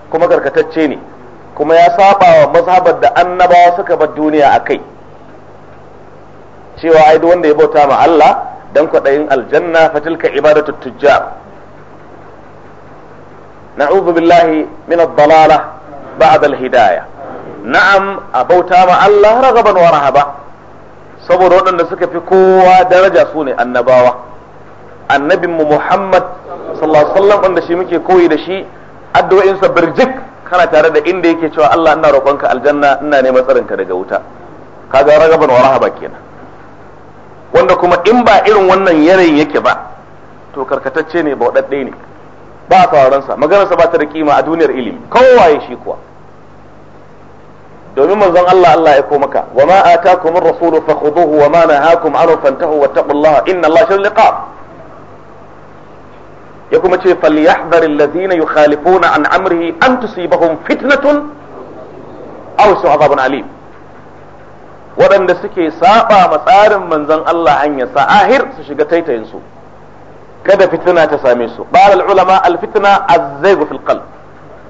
kuma karkatacce ne kuma ya saba wa mazhabar da annabawa suka bar duniya a kai cewa ai duk wanda ya bauta ma Allah dan kwaɗayin aljanna fatilka ibadatu tujjar na'udhu billahi min ad-dalalah ba'da al-hidayah na'am a bauta ma Allah ragaban wa rahaba saboda waɗanda suka fi kowa daraja su ne annabawa annabinmu Muhammad sallallahu alaihi wasallam wanda shi muke koyi da shi addu'o'insa birjik kana tare da inda yake cewa Allah ina roƙonka aljanna ina neman ka daga wuta kaga ragaban waraha ba kenan wanda kuma in ba irin wannan yanayin yake ba to karkatacce ne ba wadadde ne ba a maganar maganarsa ba ta da kima a duniyar ilimi kowaye shi kuwa domin manzon Allah Allah ya komaka wa ma atakum rasulu fakhuduhu wa ma nahakum anhu fantahu wattaqullaha inna Allah shadidul ya kuma ce falyahdhar alladhina yukhalifuna an amrihi an tusibahum fitnatun aw su'abun alim waɗanda suke saba ma tsarin manzon Allah hanya sa'ahir su shiga taitayin su kada fitina ta same su qala ulama al fitna az-zayg fil qalb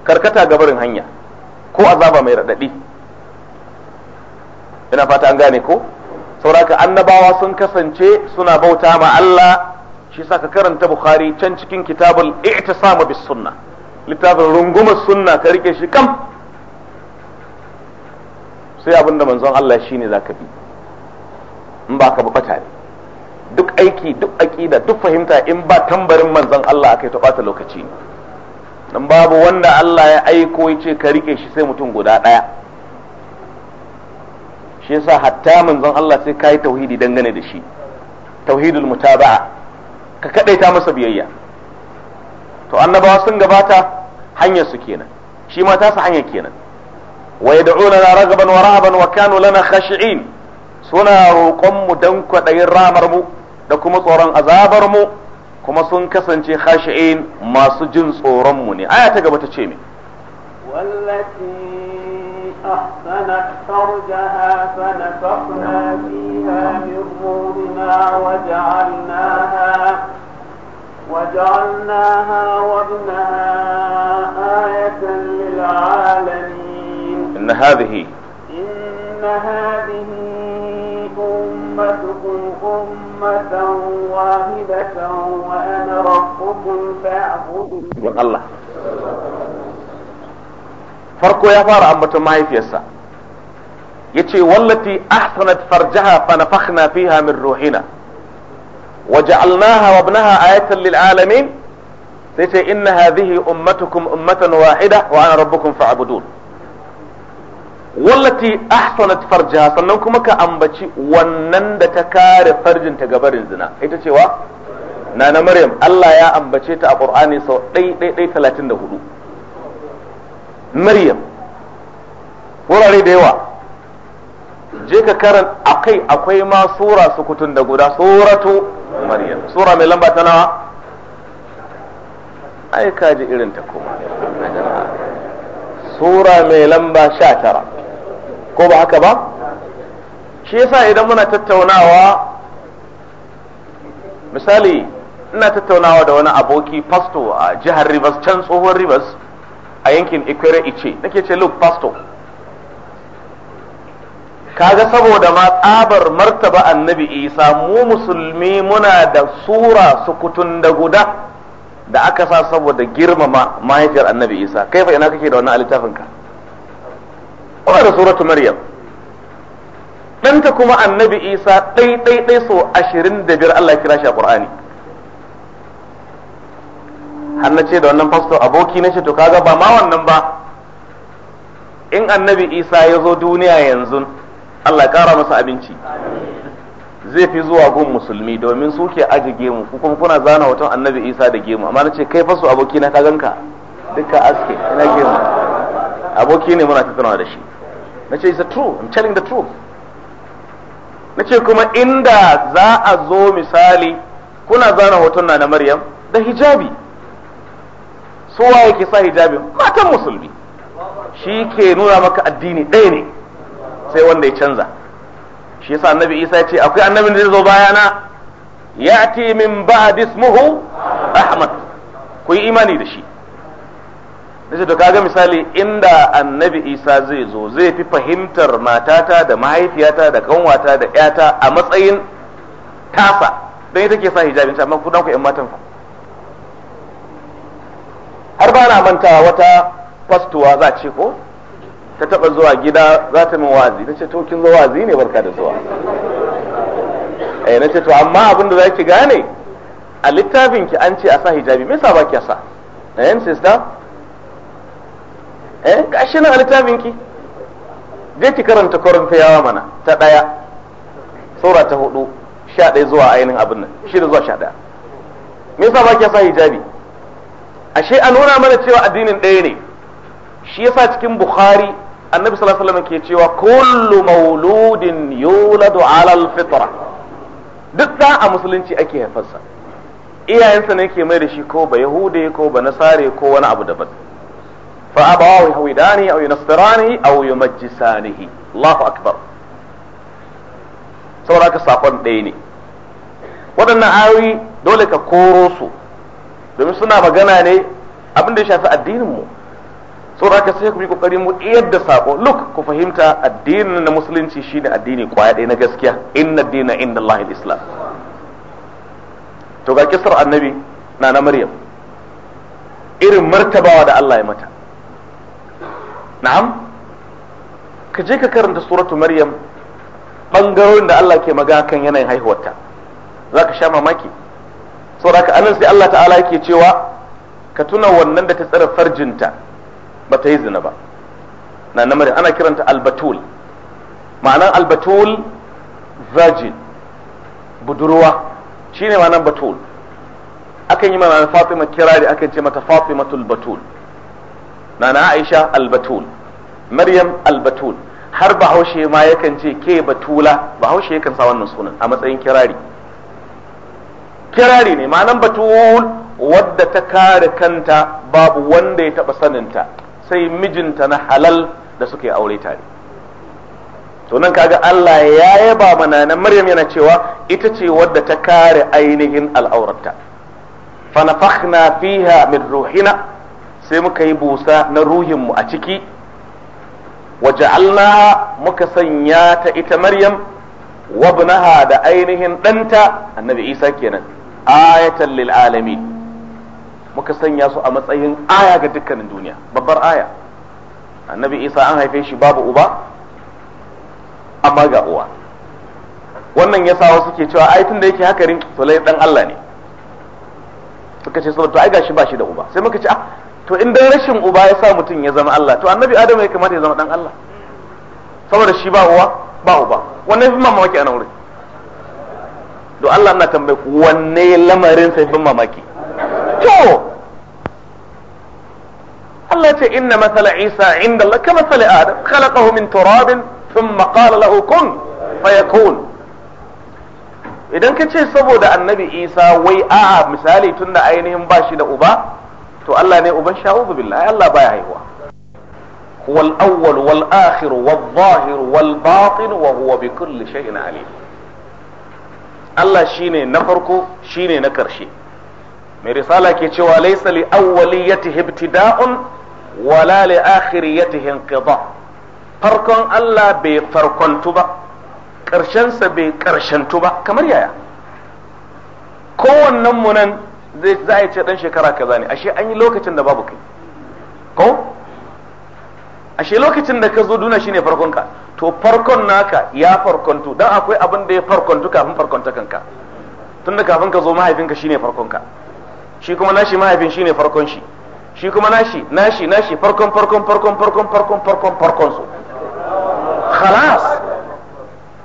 karkata gabarin hanya ko azaba mai radadi ina fata an gane ko sauraka annabawa sun kasance suna bauta ma Allah shi sa ka karanta bukhari can cikin kitabul i'tisama bis sunna littafin rungumar sunna ka rike shi kam sai abin manzon Allah shine zaka bi in ba ka bata ne duk aiki duk aƙida duk fahimta in ba tambarin manzon Allah akai ta bata lokaci ne dan babu wanda Allah ya aiko ya ce ka rike shi sai mutum guda ɗaya shi yasa hatta manzon Allah sai kai tauhidi dangane da shi tauhidul mutaba'a ka kadaita masa biyayya to annabawa sun gabata hanyar su kenan shi ma tasa hanyar kenan wa yad'una ragaban wa rahaban wa kanu lana khashi'in suna roƙon mu dan kwaɗayin ramar mu da kuma tsoron azabar mu kuma sun kasance khashi'in masu jin tsoron mu ne aya ta gaba ta ce me أحسنت فرجها فنفخنا فيها من روحنا وجعلناها وجعلناها وابنها آية للعالمين إن هذه إن هذه أمتكم أمة واحدة وأنا ربكم فاعبدوا الله farko ya fara ambaton mahaifiyarsa yace wallati ahsanat farjaha fa nafakhna fiha min ruhina waja'alnaha wa ibnaha ayatan lil alamin sai ce inna hadhihi ummatukum ummatan wahida wa ana rabbukum fa'budun wallati ahsanat farjaha sannan kuma ka ambaci wannan da ta kare farjinta gabarin zina ita cewa na na maryam Allah ya ambace ta a qur'ani sau ɗai ɗai ɗai talatin da hudu maryam wurare da yawa je ka karan akai akwai ma sura su kutun da guda suratu maryam sura mai lamba ta nawa ai ka ji irin ta kuma sura mai lamba sha tara ko ba haka ba shi yasa idan muna tattaunawa misali ina tattaunawa da wani aboki pasto a jihar rivers can tsohon rivers a yankin ikwere ice nake ce look pastor kaga saboda ma tsabar martaba annabi isa mu musulmi muna da sura sukutun da guda da aka sa saboda girmama mahaifiyar annabi isa kai fa ina kake da wannan alitafinka. kuma da suratu maryam ɗanta kuma annabi isa ɗai ɗai ɗai so ashirin da biyar allah kira shi a ƙur'ani har na ce da wannan fasto aboki na ce to kaga ba ma wannan ba in annabi isa ya zo duniya yanzu allah kara masa abinci zai fi zuwa gun musulmi domin su ke aji gemu ku kuma kuna zana hoton annabi isa da gemu amma na ce kai fasto aboki na ka ganka duka aske ina gemu aboki ne muna tattaunawa da shi na ce isa true i'm telling the truth na ce kuma inda za a zo misali kuna zana hoton na na maryam da hijabi su waye ke sa hijabin matan musulmi shi ke nuna maka addini ɗaya ne sai wanda ya canza shi yasa annabi isa ya ce akwai annabin da zai zo bayana ti min ba'd ismuhu ahmad ku yi imani da shi nace to kaga misali inda annabi isa zai zo zai fi fahimtar matata da mahaifiyata da kanwata da yata a matsayin tasa dan ita ke sa hijabin ta amma ku dan ku yan matan ku har ba na manta wata fastuwa za ce ko ta taba zuwa gida za ta min wazi ce to kin zo wazi ne barka da zuwa eh ce to amma abin da zaki gane a littafin ki an ce a sa hijabi me yasa ba ki sa eh sister eh gashi nan a littafin ki je ki karanta korintiyawa mana ta daya saura ta hudu sha ɗaya zuwa ainihin abin nan shida zuwa sha ɗaya me yasa ba ki sa hijabi ashe a nuna mana cewa addinin ɗaya ne shi yasa cikin bukhari annabi sallallahu alaihi wasallam ke cewa kullu mauludin yuladu ala alfitra duk da a musulunci ake haifarsa iyayensa ne ke mai da shi ko ba yahude ko ba nasare ko wani abu daban fa abawahu yahudani aw yunasirani aw yumajjisanihi Allahu akbar saboda ka sakon ɗaya ne waɗannan ayoyi dole ka koro su domin suna magana ne abin da ya shafi addinin mu da ka sai ku yi kokari mu iyar da sako look ku fahimta addinin na musulunci shine addini kwaya ɗaya na gaskiya inna dina inda Allah islam to ga kisar annabi na na maryam irin martabawa da Allah ya mata na'am ka je ka karanta suratu maryam bangarorin da Allah ke magana kan yanayin haihuwarta zaka sha mamaki sauraka anan sai Allah ta'ala yake cewa ka tuna wannan da ta tsara farjinta ba ta yi zina ba na namarin ana kiranta albatul ma'anan albatul virgin budurwa shine ma'anan batul akan yi ma'anan fatima kirari akan ce mata fatimatul batul na na aisha albatul maryam albatul har bahaushe ma yakan ce ke batula bahaushe yakan sa wannan sunan a matsayin kirari kirari ne ma'anan batul wadda ta kare kanta babu wanda ya taba saninta sai mijinta na halal da suke aure tare to nan kaga Allah ya yaba mana na Maryam yana cewa ita ce wadda ta kare ainihin al'auratta fa nafakhna fiha min ruhina sai muka yi busa na ruhinmu a ciki waje allah muka sanya ta ita Maryam wabnaha da ainihin ɗanta annabi Isa kenan ayatan lil alamin muka sanya su a matsayin aya ga dukkanin duniya babbar aya annabi isa an haife shi babu uba amma ga uwa wannan yasa wasu ke cewa ai tunda yake hakarin to lai dan Allah ne suka ce saboda to ai gashi ba shi da uba sai muka ce ah to in dan rashin uba yasa mutum ya zama Allah to annabi adam ya kamata ya zama dan Allah saboda shi ba uwa ba uba wannan fi mamaki a nan wurin do Allah na tambaye wanne lamarin sai bin mamaki to Allah ce inna masala Isa inda Allah ka masala Adam khalaqahu min turabin thumma qala lahu kun fayakun idan ka ce saboda annabi Isa wai a'a misali tunda ainihin bashi da uba to Allah ne uban sha'uzu billahi Allah baya haihuwa huwal awwal wal akhir wal zahir wal batin wa bi kulli shay'in Allah shine na farko shine na ƙarshe mai risala ke cewa laisa li awwaliyatihi ibtida'un wala li akhiri inqida farkon Allah bai farkontu ba karshensa bai karshentu ba kamar yaya kowannen munan nan zai za a ce dan shekara kaza ne ashe an yi lokacin da babu kai ko ashe lokacin da ka zo duna shine farkon ka to farkon naka ya farkontu dan akwai abin da ya farkontu kafin farkonta kanka tunda kafin ka zo mahaifinka shine farkon ka shi kuma nashi mahaifin shine farkon shi shi kuma nashi nashi nashi farkon farkon farkon farkon farkon farkon farkon su khalas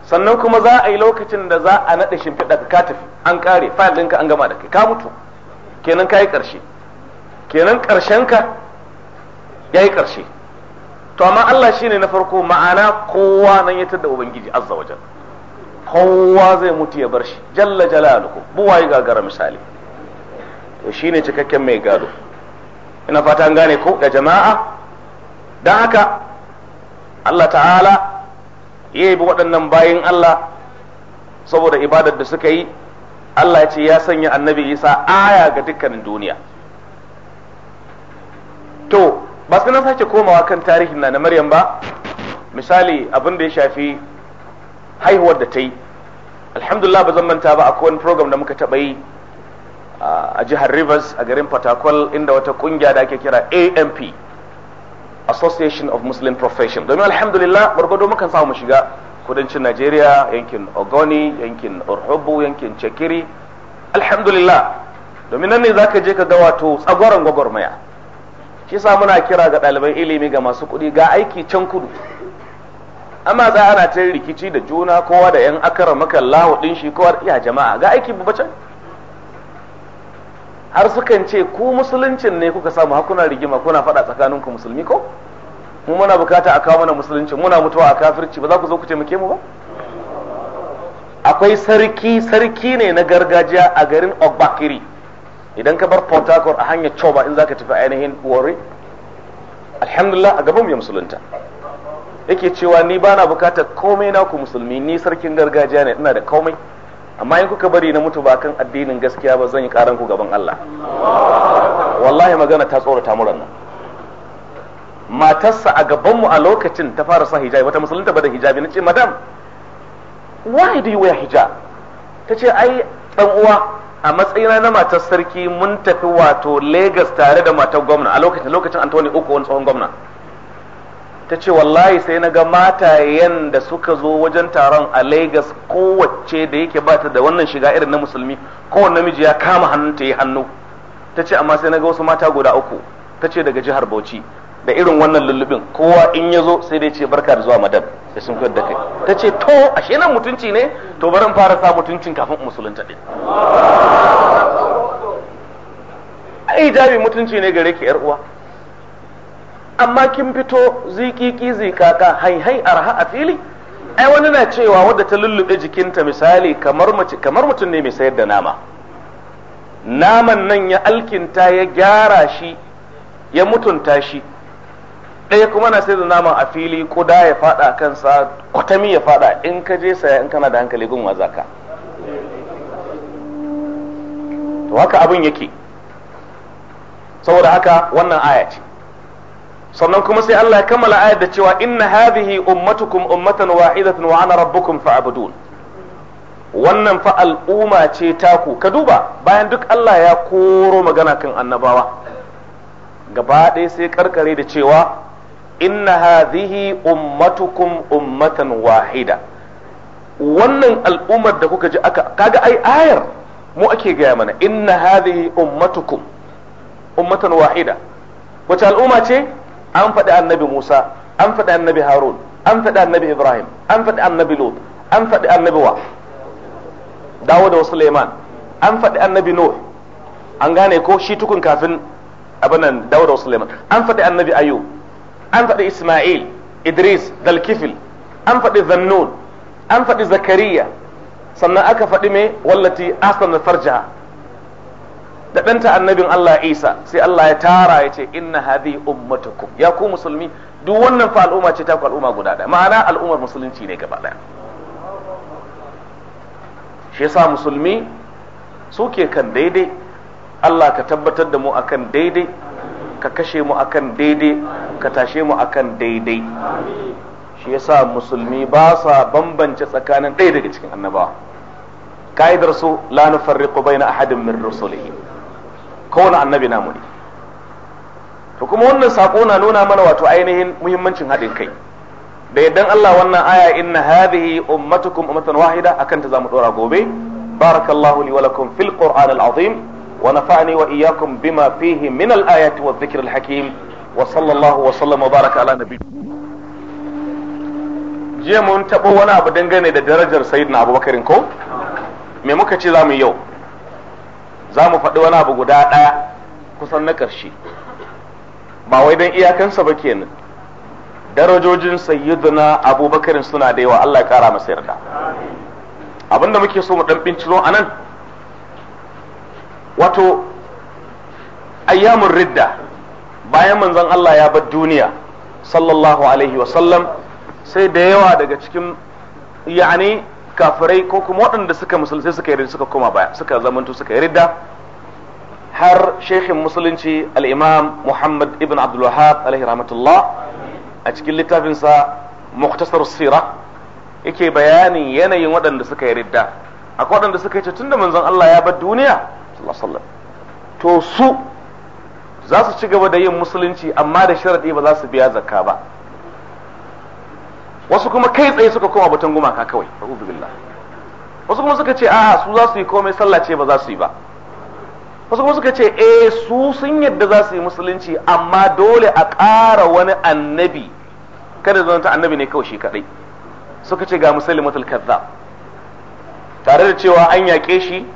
sannan kuma za a yi lokacin da za a naɗa shimfiɗa ka tafi an ƙare fayil ɗinka an gama da kai ka mutu kenan ka yi ƙarshe kenan ka ya yi ƙarshe to amma Allah shine na farko ma'ana kowa nan ya tada ubangiji azza wa jalla kowa zai mutu ya bar shi jalla jalaluhu buwaye gagara misali to shine cikakken mai gado ina fata an gane ko da jama'a dan haka Allah ta'ala ya yi waɗannan bayan Allah saboda ibadar da suka yi Allah ya ce ya sanya annabi Isa aya ga dukkanin duniya to ba su na sake komawa kan tarihin na na maryam ba misali abin da ya shafi haihuwar da ta yi alhamdulillah ba zan manta ba a kowane program da muka taɓa yi a jihar rivers a garin fatakwal inda wata kungiya da ake kira amp association of muslim profession domin alhamdulillah gwargwado mukan samu shiga kudancin nigeria yankin ogoni yankin urhubu yankin cekiri alhamdulillah domin nan ne za ka je ka ga wato tsagoran gwagwarmaya shi sa muna kira ga ɗaliban ilimi ga masu kuɗi ga aiki can kudu amma za ana ta rikici da juna kowa da yan akara maka lahu shi kowa ya jama'a ga aiki ba bacan har sukan ce ku musuluncin ne kuka samu hakuna rigima kuna faɗa tsakaninku musulmi ko mu muna bukata a kawo mana musulunci muna mutuwa a kafirci ba za ku zo ku taimake mu ba akwai sarki sarki ne na gargajiya a garin Ogbakiri idan ka bar port harcourt a hanyar coba in zaka tafi ainihin wari alhamdulillah a gaban ya musulunta yake cewa ni bana bukatar komai na ku musulmi ni sarkin gargajiya ne ina da komai amma in kuka bari na mutu ba kan addinin gaskiya ba zan yi karan ku gaban Allah wallahi magana ta tsorata muran nan matarsa a gaban mu a lokacin ta fara sa hijabi wata musulunta ba da hijabi nace madam why do you wear hijab tace ai dan uwa a matsayina na matar sarki mun tafi wato Legas tare da matar gwamna a lokacin lokacin Anthony Oko wani tsohon gwamna ta ce wallahi sai na ga matayen da suka zo wajen taron a Legas kowace da yake bata da wannan shiga irin na musulmi kowane namiji ya kama hannun ta yi hannu ta ce amma sai na ga wasu mata guda uku ta ce daga jihar Bauchi da irin wannan lullubin kowa in ya zo sai dai ce barka da zuwa madam da sun da kai ta ce to ashe nan mutunci ne to barin fara sa mutuncin kafin musulunta din ai jami mutunci ne gare ki yar uwa amma kin fito zikiki zikaka hai hai arha a fili ai wani na cewa wadda ta lullube jikinta misali kamar kamar mutum ne mai sayar da nama naman nan ya alkinta ya gyara shi ya mutunta shi ɗaya kuma na sai da naman a fili kuda ya fada kansa kwatami ya fada in ka je saya in kana da hankali gun ka to haka abin yake saboda haka wannan aya ce sannan kuma sai Allah ya kammala ayar da cewa inna hadhihi ummatukum ummatan wahidatan wa ana rabbukum fa'budun wannan fa al'umma ce taku ka duba bayan duk Allah ya koro magana kan annabawa gaba ɗaya sai karkare da cewa inna hadhihi ummatukum ummatan wahida wannan al'ummar da kuka ji aka kaga ai ayar mu ake gaya mana inna hadhihi ummatukum ummatan wahida wace al'umma ce an faɗi annabi Musa an faɗi annabi Harun an faɗi annabi Ibrahim an faɗi annabi Lut an faɗi annabi wa Dawud da Sulaiman an faɗi annabi Nuh an gane ko shi tukun kafin abin Dawud da Sulaiman an faɗi annabi Ayyub an faɗi Ismail Idris Dalkifil an faɗi Zannun an faɗi Zakariya sannan aka faɗi me wallati aslam da farjaha da ɗanta annabin Allah Isa sai Allah ya tara ya ce inna hadhi ummatukum ya ku musulmi duk wannan fa al'umma ce ta ku al'umma guda ɗaya ma'ana al'ummar musulunci ne gaba ɗaya shi yasa musulmi suke kan daidai Allah ka tabbatar da mu akan daidai ka kashe mu akan daidai ka tashe mu akan daidai shi yasa musulmi ba sa bambance tsakanin ɗaya daga cikin annabawa ka'idar su la nufarriqu baina ahadin min rusulihi kowane annabi namu ne to kuma wannan sako na nuna mana wato ainihin muhimmancin haɗin kai da idan Allah wannan aya inna hadhihi ummatukum ummatan wahida akan ta zamu dora gobe barakallahu li wa lakum fil qur'an azim ونفعني وإياكم بما فيه من الآيات والذكر الحكيم وصلى الله وسلم وبارك على نبينا jiya mun taɓo wani abu dangane da darajar sayyidina abubakarin ko me muka ce za mu yau za mu faɗi wani abu guda ɗaya kusan na ƙarshe ba wai don iyakansa ba kenan darajojin sayyidina abubakarin suna da yawa allah ya ƙara masa yarda abinda muke so mu ɗan binciro a nan wato ayyamun ridda bayan manzon Allah ya bar duniya sallallahu alaihi wasallam sai da yawa daga cikin yani kafirai ko kuma waɗanda suka musulunci suka yi suka koma baya suka zamanto suka yi ridda har shekhin musulunci al-imam Muhammad ibn abdulwahab Wahhab alaihi rahmatullah a cikin littafinsa muktasar sira yake bayanin yanayin waɗanda suka yi ridda akwai waɗanda suka tun tunda manzon Allah ya bar duniya to su za su ci gaba da yin musulunci amma da sharaɗi ba za su biya zakka ba wasu kuma kai tsaye suka koma batun gumaka kawai billah wasu kuma suka ce a'a su za su yi komai sallah ce ba za su yi ba wasu kuma suka ce eh su sun yadda za su yi musulunci amma dole a ƙara wani annabi kada zan ta annabi ne kawai shi kadai suka ce ga mutul kazzab tare da cewa an yaƙe shi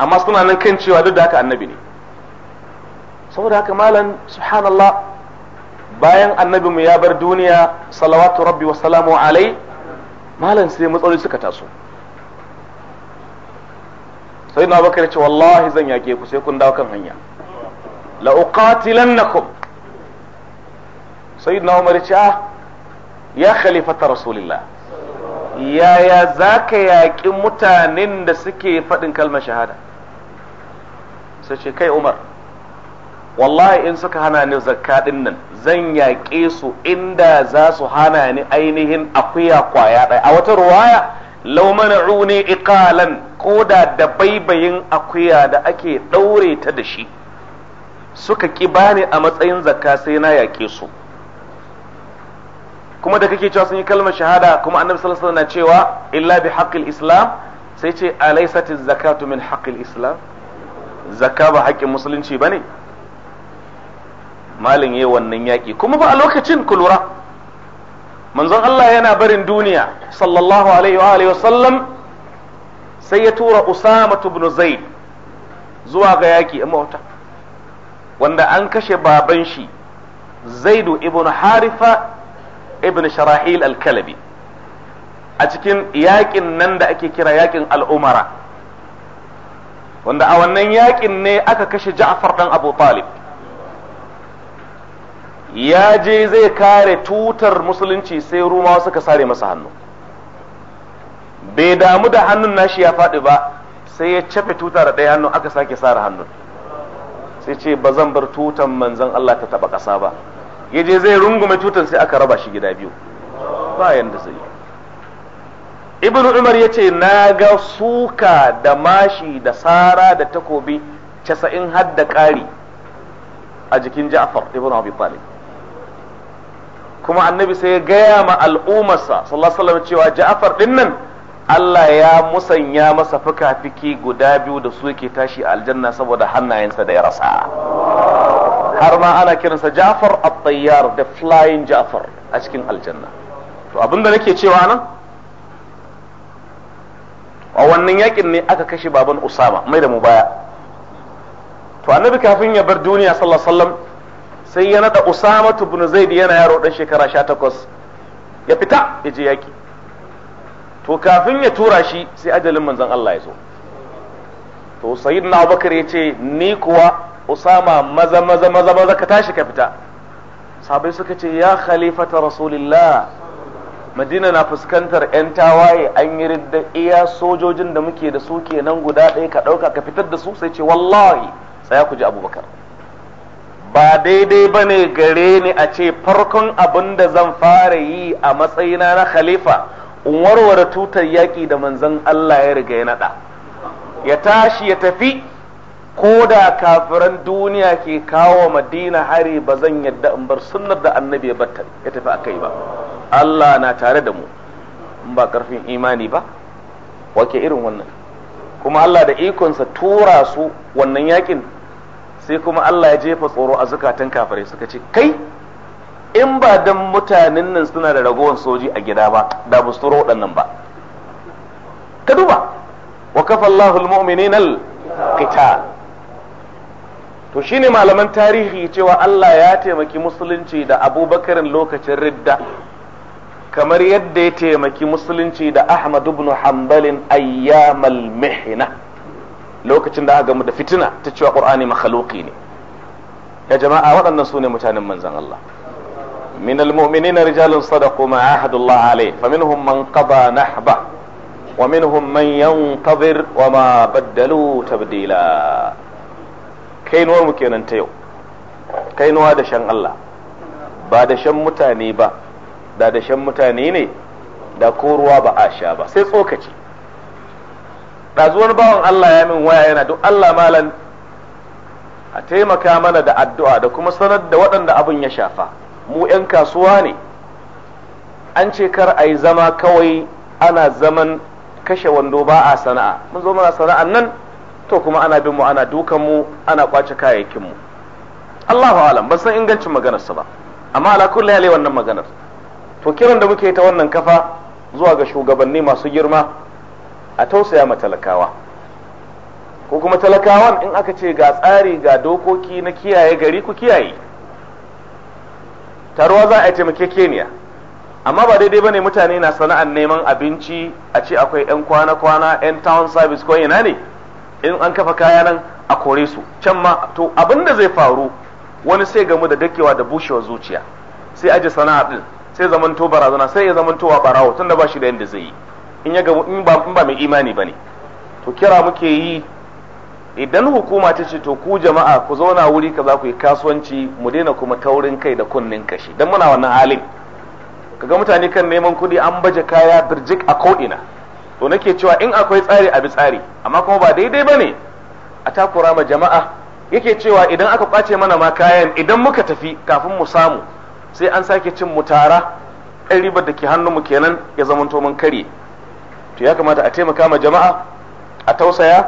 amma suna nan kan cewa duk da haka annabi ne saboda haka malam subhanallah bayan annabi mu ya bar duniya salawatu rabbi wa salamu alai malam sai matsaloli suka taso sai na bakar ce wallahi zan yake ku sai kun dawo kan hanya la uqatilannakum na umar ya ce ah, ya khalifata rasulillah yaya zaka yaƙi mutanen da suke faɗin kalmar shahada sai ce kai Umar wallahi in suka hana ni zakka din nan zan yaƙe su inda za su hana ni ainihin akuya kwaya ɗaya a wata ruwaya laumana mana'uni iqalan koda da baibayin akuya da ake ɗaure ta da shi suka ki bani a matsayin zakka sai na yaƙe su kuma da kake cewa sun yi kalmar shahada kuma annabi sallallahu alaihi wasallam na cewa illa bi haqqil islam sai ce alaysatiz zakatu min haqqil islam zakka ba haƙƙin musulunci ba ne malin yi wannan yaƙi kuma ba a lokacin ku manzon Allah yana barin duniya sallallahu alaihi wa sallam sai ya tura Usama ibn Zaid zuwa ga yaƙi a mota wanda an kashe baban shi Zaidu ibn Harifa ibn Sharahil al-Kalabi a cikin yaƙin nan da ake kira yaƙin al'umara. wanda a wannan yakin ne aka kashe Ja'far dan Abu Talib ya je zai kare tutar musulunci sai rumawa suka sare masa hannu bai damu da hannun nashi ya faɗi ba sai ya cafe tuta da ɗaya hannu aka sake sare hannun sai ce ba zan bar tutan manzon Allah ta taba ƙasa ba yaje zai rungume tutan sai aka raba shi gida biyu bayan da zai yi ibn umar ya ce na ga suka da mashi da sara da takobi casa'in har da ƙari a jikin ja'far ibn abi talib kuma annabi sai ya gaya ma al'umarsa sallallahu alaihi cewa ja'far din nan Allah ya musanya masa fuka-fiki guda biyu da su yake tashi a aljanna saboda hannayensa da ya rasa har ma ana kiransa ja'far at-tayyar the flying ja'far a cikin aljanna to abinda nake cewa nan a wannan yakin ne aka kashe baban usama mai da mu baya to annabi kafin ya bar duniya sallallahu alaihi wasallam sai ya nada usama ibn zaid yana yaro dan shekara 18 ya fita ya je yaki to kafin ya tura shi sai ajalin manzon Allah ya zo to sayyidina abubakar ya ce ni kuwa usama maza maza maza maza ka tashi ka fita sabai suka ce ya khalifata rasulillah madina na fuskantar 'yan tawaye an yi ridda iya sojojin da muke da su nan guda ɗaya ka ɗauka ka fitar da su sai ce wallahi tsaya ku ji abubakar ba daidai ba ne gare ni a ce farkon abin da zan fara yi a matsayina na khalifa in warware tutar yaƙi da manzan Allah ya riga ya naɗa ya tashi ya tafi ko da kafiran duniya ke kawo madina hari ba zan yadda in bar sunnar da annabi ya batta ya tafi akai ba Allah na tare da mu in ba karfin imani ba wake irin wannan kuma Allah da ikonsa tura su wannan yakin sai kuma Allah ya jefa tsoro a zukatan kafirai suka ce kai in ba dan mutanen nan suna da ragowar soji a gida ba da ba su waɗannan ba ka duba wa kafa Allahul mu'minina al-qital to shine malaman tarihi cewa Allah ya taimaki musulunci da abubakar lokacin ridda kamar yadda ya taimaki musulunci da Ahmad ibn hambalin ayyamal mihna lokacin da aka gamu da fitina ta cewa Qur'ani makhluqi ne ya jama'a waɗannan su ne mutanen manzon Allah من المؤمنين رجال صدقوا ما عاهدوا الله عليه فمنهم من قضى نحبه ومنهم من ينتظر وما بدلوا تبديلا kainuwar mu kenan ta yau kainuwa da shan Allah ba da shan mutane ba da da shan mutane ne da ko ruwa ba a sha ba sai tsokaci ɗazuwar bawan Allah ya min waya yana duk Allah malan a taimaka mana da addu'a da kuma sanar da waɗanda abin ya shafa mu 'yan kasuwa ne an ce kar a yi zama kawai ana zaman kashe wando ba a sana'a mun zo mana sana'an nan to kuma ana bin mu ana dukan mu ana kwace kayayyakin mu Allahu alam ban san ingancin maganar sa ba amma ala kulli hali wannan maganar to kiran da muke ta wannan kafa zuwa ga shugabanni masu girma a tausaya ma talakawa ko kuma talakawan in aka ce ga tsari ga dokoki na kiyaye gari ku kiyaye taruwa za a yi taimake keniya amma ba daidai ba ne mutane na sana'ar neman abinci a ce akwai 'yan kwana-kwana 'yan town service ko ina ne in an kafa kaya nan a kore su can ma to abin da zai faru wani sai gamu da dakewa da bushewar zuciya sai aje sana'a din sai to barazana sai ya zamantowa barawo tunda ba shi da yanda zai yi in ya gamu in ba mai imani bane to kira muke yi idan hukuma ta ce to ku jama'a ku zauna wuri kaza ku yi kasuwanci mu daina kuma taurin kai da kunnin kashi dan muna wannan halin kaga mutane kan neman kuɗi an baje kaya birjik a ko'ina to nake cewa in akwai tsari a bi tsari amma kuma ba daidai bane a takura ma jama'a yake cewa idan aka kwace mana ma kayan idan muka tafi kafin mu samu sai an sake cin mutara tara ɗan ribar da ke hannu mu kenan ya zamanto mun karye to ya kamata a taimaka ma jama'a a tausaya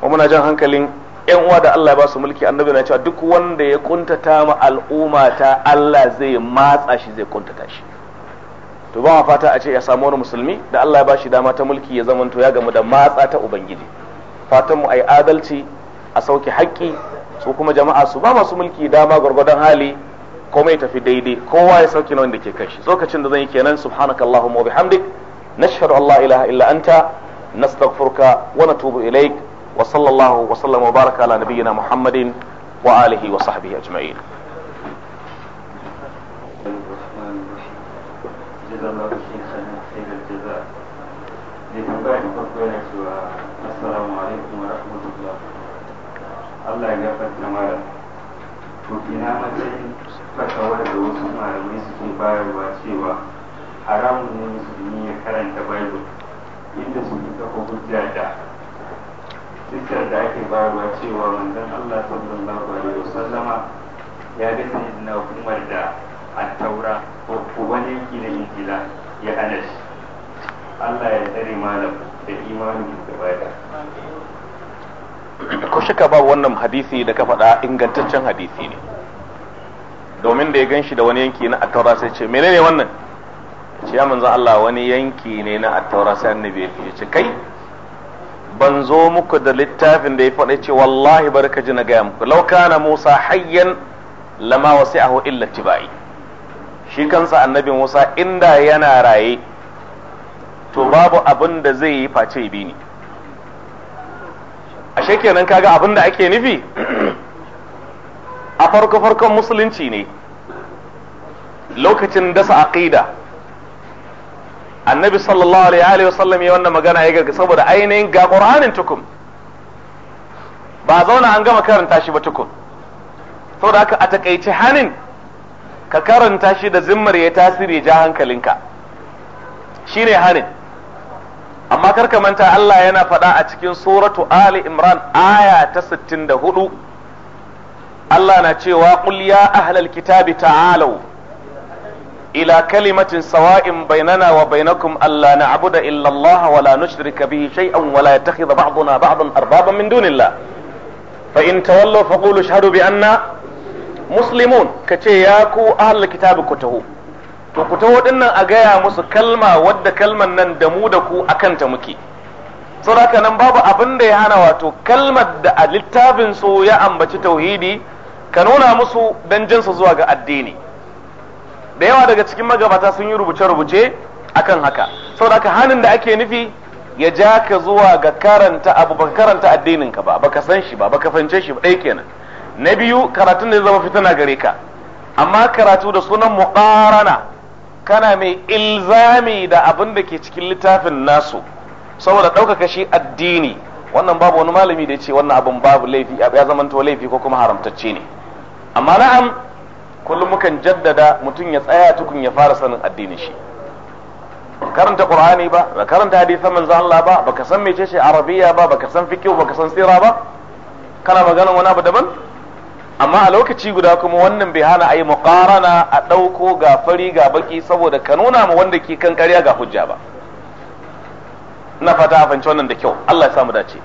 kuma muna jan hankalin yan uwa da Allah ya ba su mulki annabi na cewa duk wanda ya kuntata ma al'umma ta Allah zai matsa shi zai kuntata shi to ba fata a ce ya samu wani musulmi da Allah ya ba shi dama ta mulki ya zamanto ya gamu da matsa ta ubangiji fatan mu ai adalci a sauke haƙƙi su kuma jama'a su ba masu mulki dama gwargwadon hali komai tafi daidai kowa ya sauke na da ke kai lokacin da zan yi kenan subhanakallahumma wa bihamdik nashhadu an la ilaha illa anta nastaghfiruka wa natubu ilaik wa sallallahu wa sallama wa baraka ala nabiyyina muhammadin wa alihi wa sahbihi ajma'in جزا الله Allah ya gafarta mara to ina matsayin fatawar da wasu malamai suke bayarwa cewa haramun ne musulmi ya karanta bible inda suke kafa hujja da hujjar da ake bayarwa cewa manzon Allah sallallahu alaihi wasallama ya ga sayyidina Umar da at-Taura ko wani yake na ingila ya hana shi Allah ya tsare malam da imanin da bada ko shaka ba wannan hadisi da ka faɗa ingantaccen hadisi ne domin da ya gan shi da wani yanki na attaura sai ce menene wannan ce ya manzo Allah wani yanki ne na attaura sai annabi ya ce kai ban zo muku da littafin da ya faɗa ce wallahi barka ji na gaya muku lau kana Musa hayyan lama wasi'ahu illa tibai shi kansa annabi Musa inda yana raye to babu abin da zai yi face bi ne ashe kenan kaga abin da ake nufi a farko farkon musulunci ne lokacin dasa aqida annabi sallallahu alaihi wa sallam ya wannan magana ya ga saboda ainihin ga qur'anin tukum ba zauna an gama karanta shi ba tukun. saboda haka a takaice hanin ka karanta shi da zimmar ya tasiri ja hankalinka shine hanin amma karka manta Allah yana faɗa a cikin suratu Ali Imran aya ta 64 Allah na cewa qul ya ahlal kitabi ta'alu ila kalimatin sawa'in bainana wa bainakum alla na'budu illa Allah wa la nushrika bihi shay'an wa la yattakhidha ba'duna ba'dan arbaban min dunillah fa in tawallu faqulu ashhadu bi anna muslimun ka ce ya ku ahal kitabi ku taho to ku taho din nan a gaya musu kalma wadda kalman nan da mu da ku akan ta muke saboda nan babu abin da ya hana wato kalmar da a littafin su ya ambaci tauhidi ka nuna musu dan jinsu zuwa ga addini da yawa daga cikin magabata sun yi rubuce-rubuce akan haka saboda ka hannun da ake nufi ya ja ka zuwa ga karanta abu baka karanta addinin ka ba baka san shi ba baka fance shi ba ɗaya kenan na biyu karatun da ya zama fitina gare ka amma karatu da sunan muqarana kana mai ilzami da abin da ke cikin littafin nasu saboda ɗaukaka shi addini wannan babu wani malami da ya ce wannan abin babu laifi ya zamanto laifi ko kuma haramtacce ne amma na'am kullum mukan jaddada mutum ya tsaya tukun ya fara sanin addinin shi karanta qur'ani ba ba karanta hadisan manzo Allah ba baka san mecece arabiya ba baka san fiqh baka san sira ba kana maganan wani abu daban amma a lokaci guda kuma wannan bai hana a yi muƙarana a ɗauko ga fari ga baki saboda ka nuna ma wanda ke kan ƙarya ga hujja ba na fata a fanci wannan da kyau Allah ya samu dace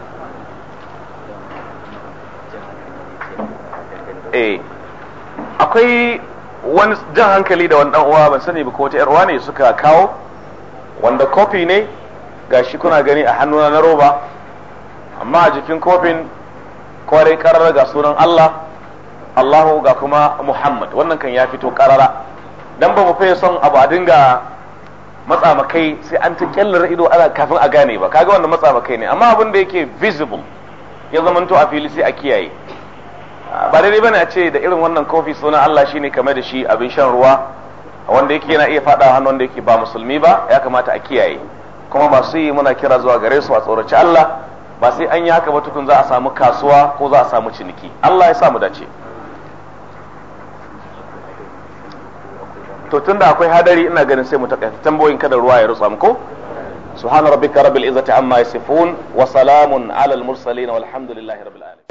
eh akwai wani jan hankali da wani uwa ban sani ba ko wata yarwa ne suka kawo wanda kofi ne gashi kuna gani a hannuna na roba amma a jikin kofin kwarai karar ga sunan Allah Allahu ga kuma Muhammad wannan kan ya fito karara dan ba mu fiye son abu a dinga matsa sai an ta kyallar ido ana kafin a gane ba kaga wannan matsamakai ne amma abin da yake visible ya zamanto a fili sai a kiyaye ba daidai bane a ce da irin wannan kofi sunan Allah shine kamar da shi abin shan ruwa wanda yake yana iya fada hannu wanda yake ba musulmi ba ya kamata a kiyaye kuma masu yi muna kira zuwa gare su a tsoraci Allah ba sai an yi haka ba tukun za a samu kasuwa ko za a samu ciniki Allah ya sa mu dace to tunda akwai hadari ina ganin sai mu takaita tambayoyin kada ruwa ya rutsa ko subhana rabbika rabbil izzati amma yasifun wa salamun alal mursalin walhamdulillahi rabbil alamin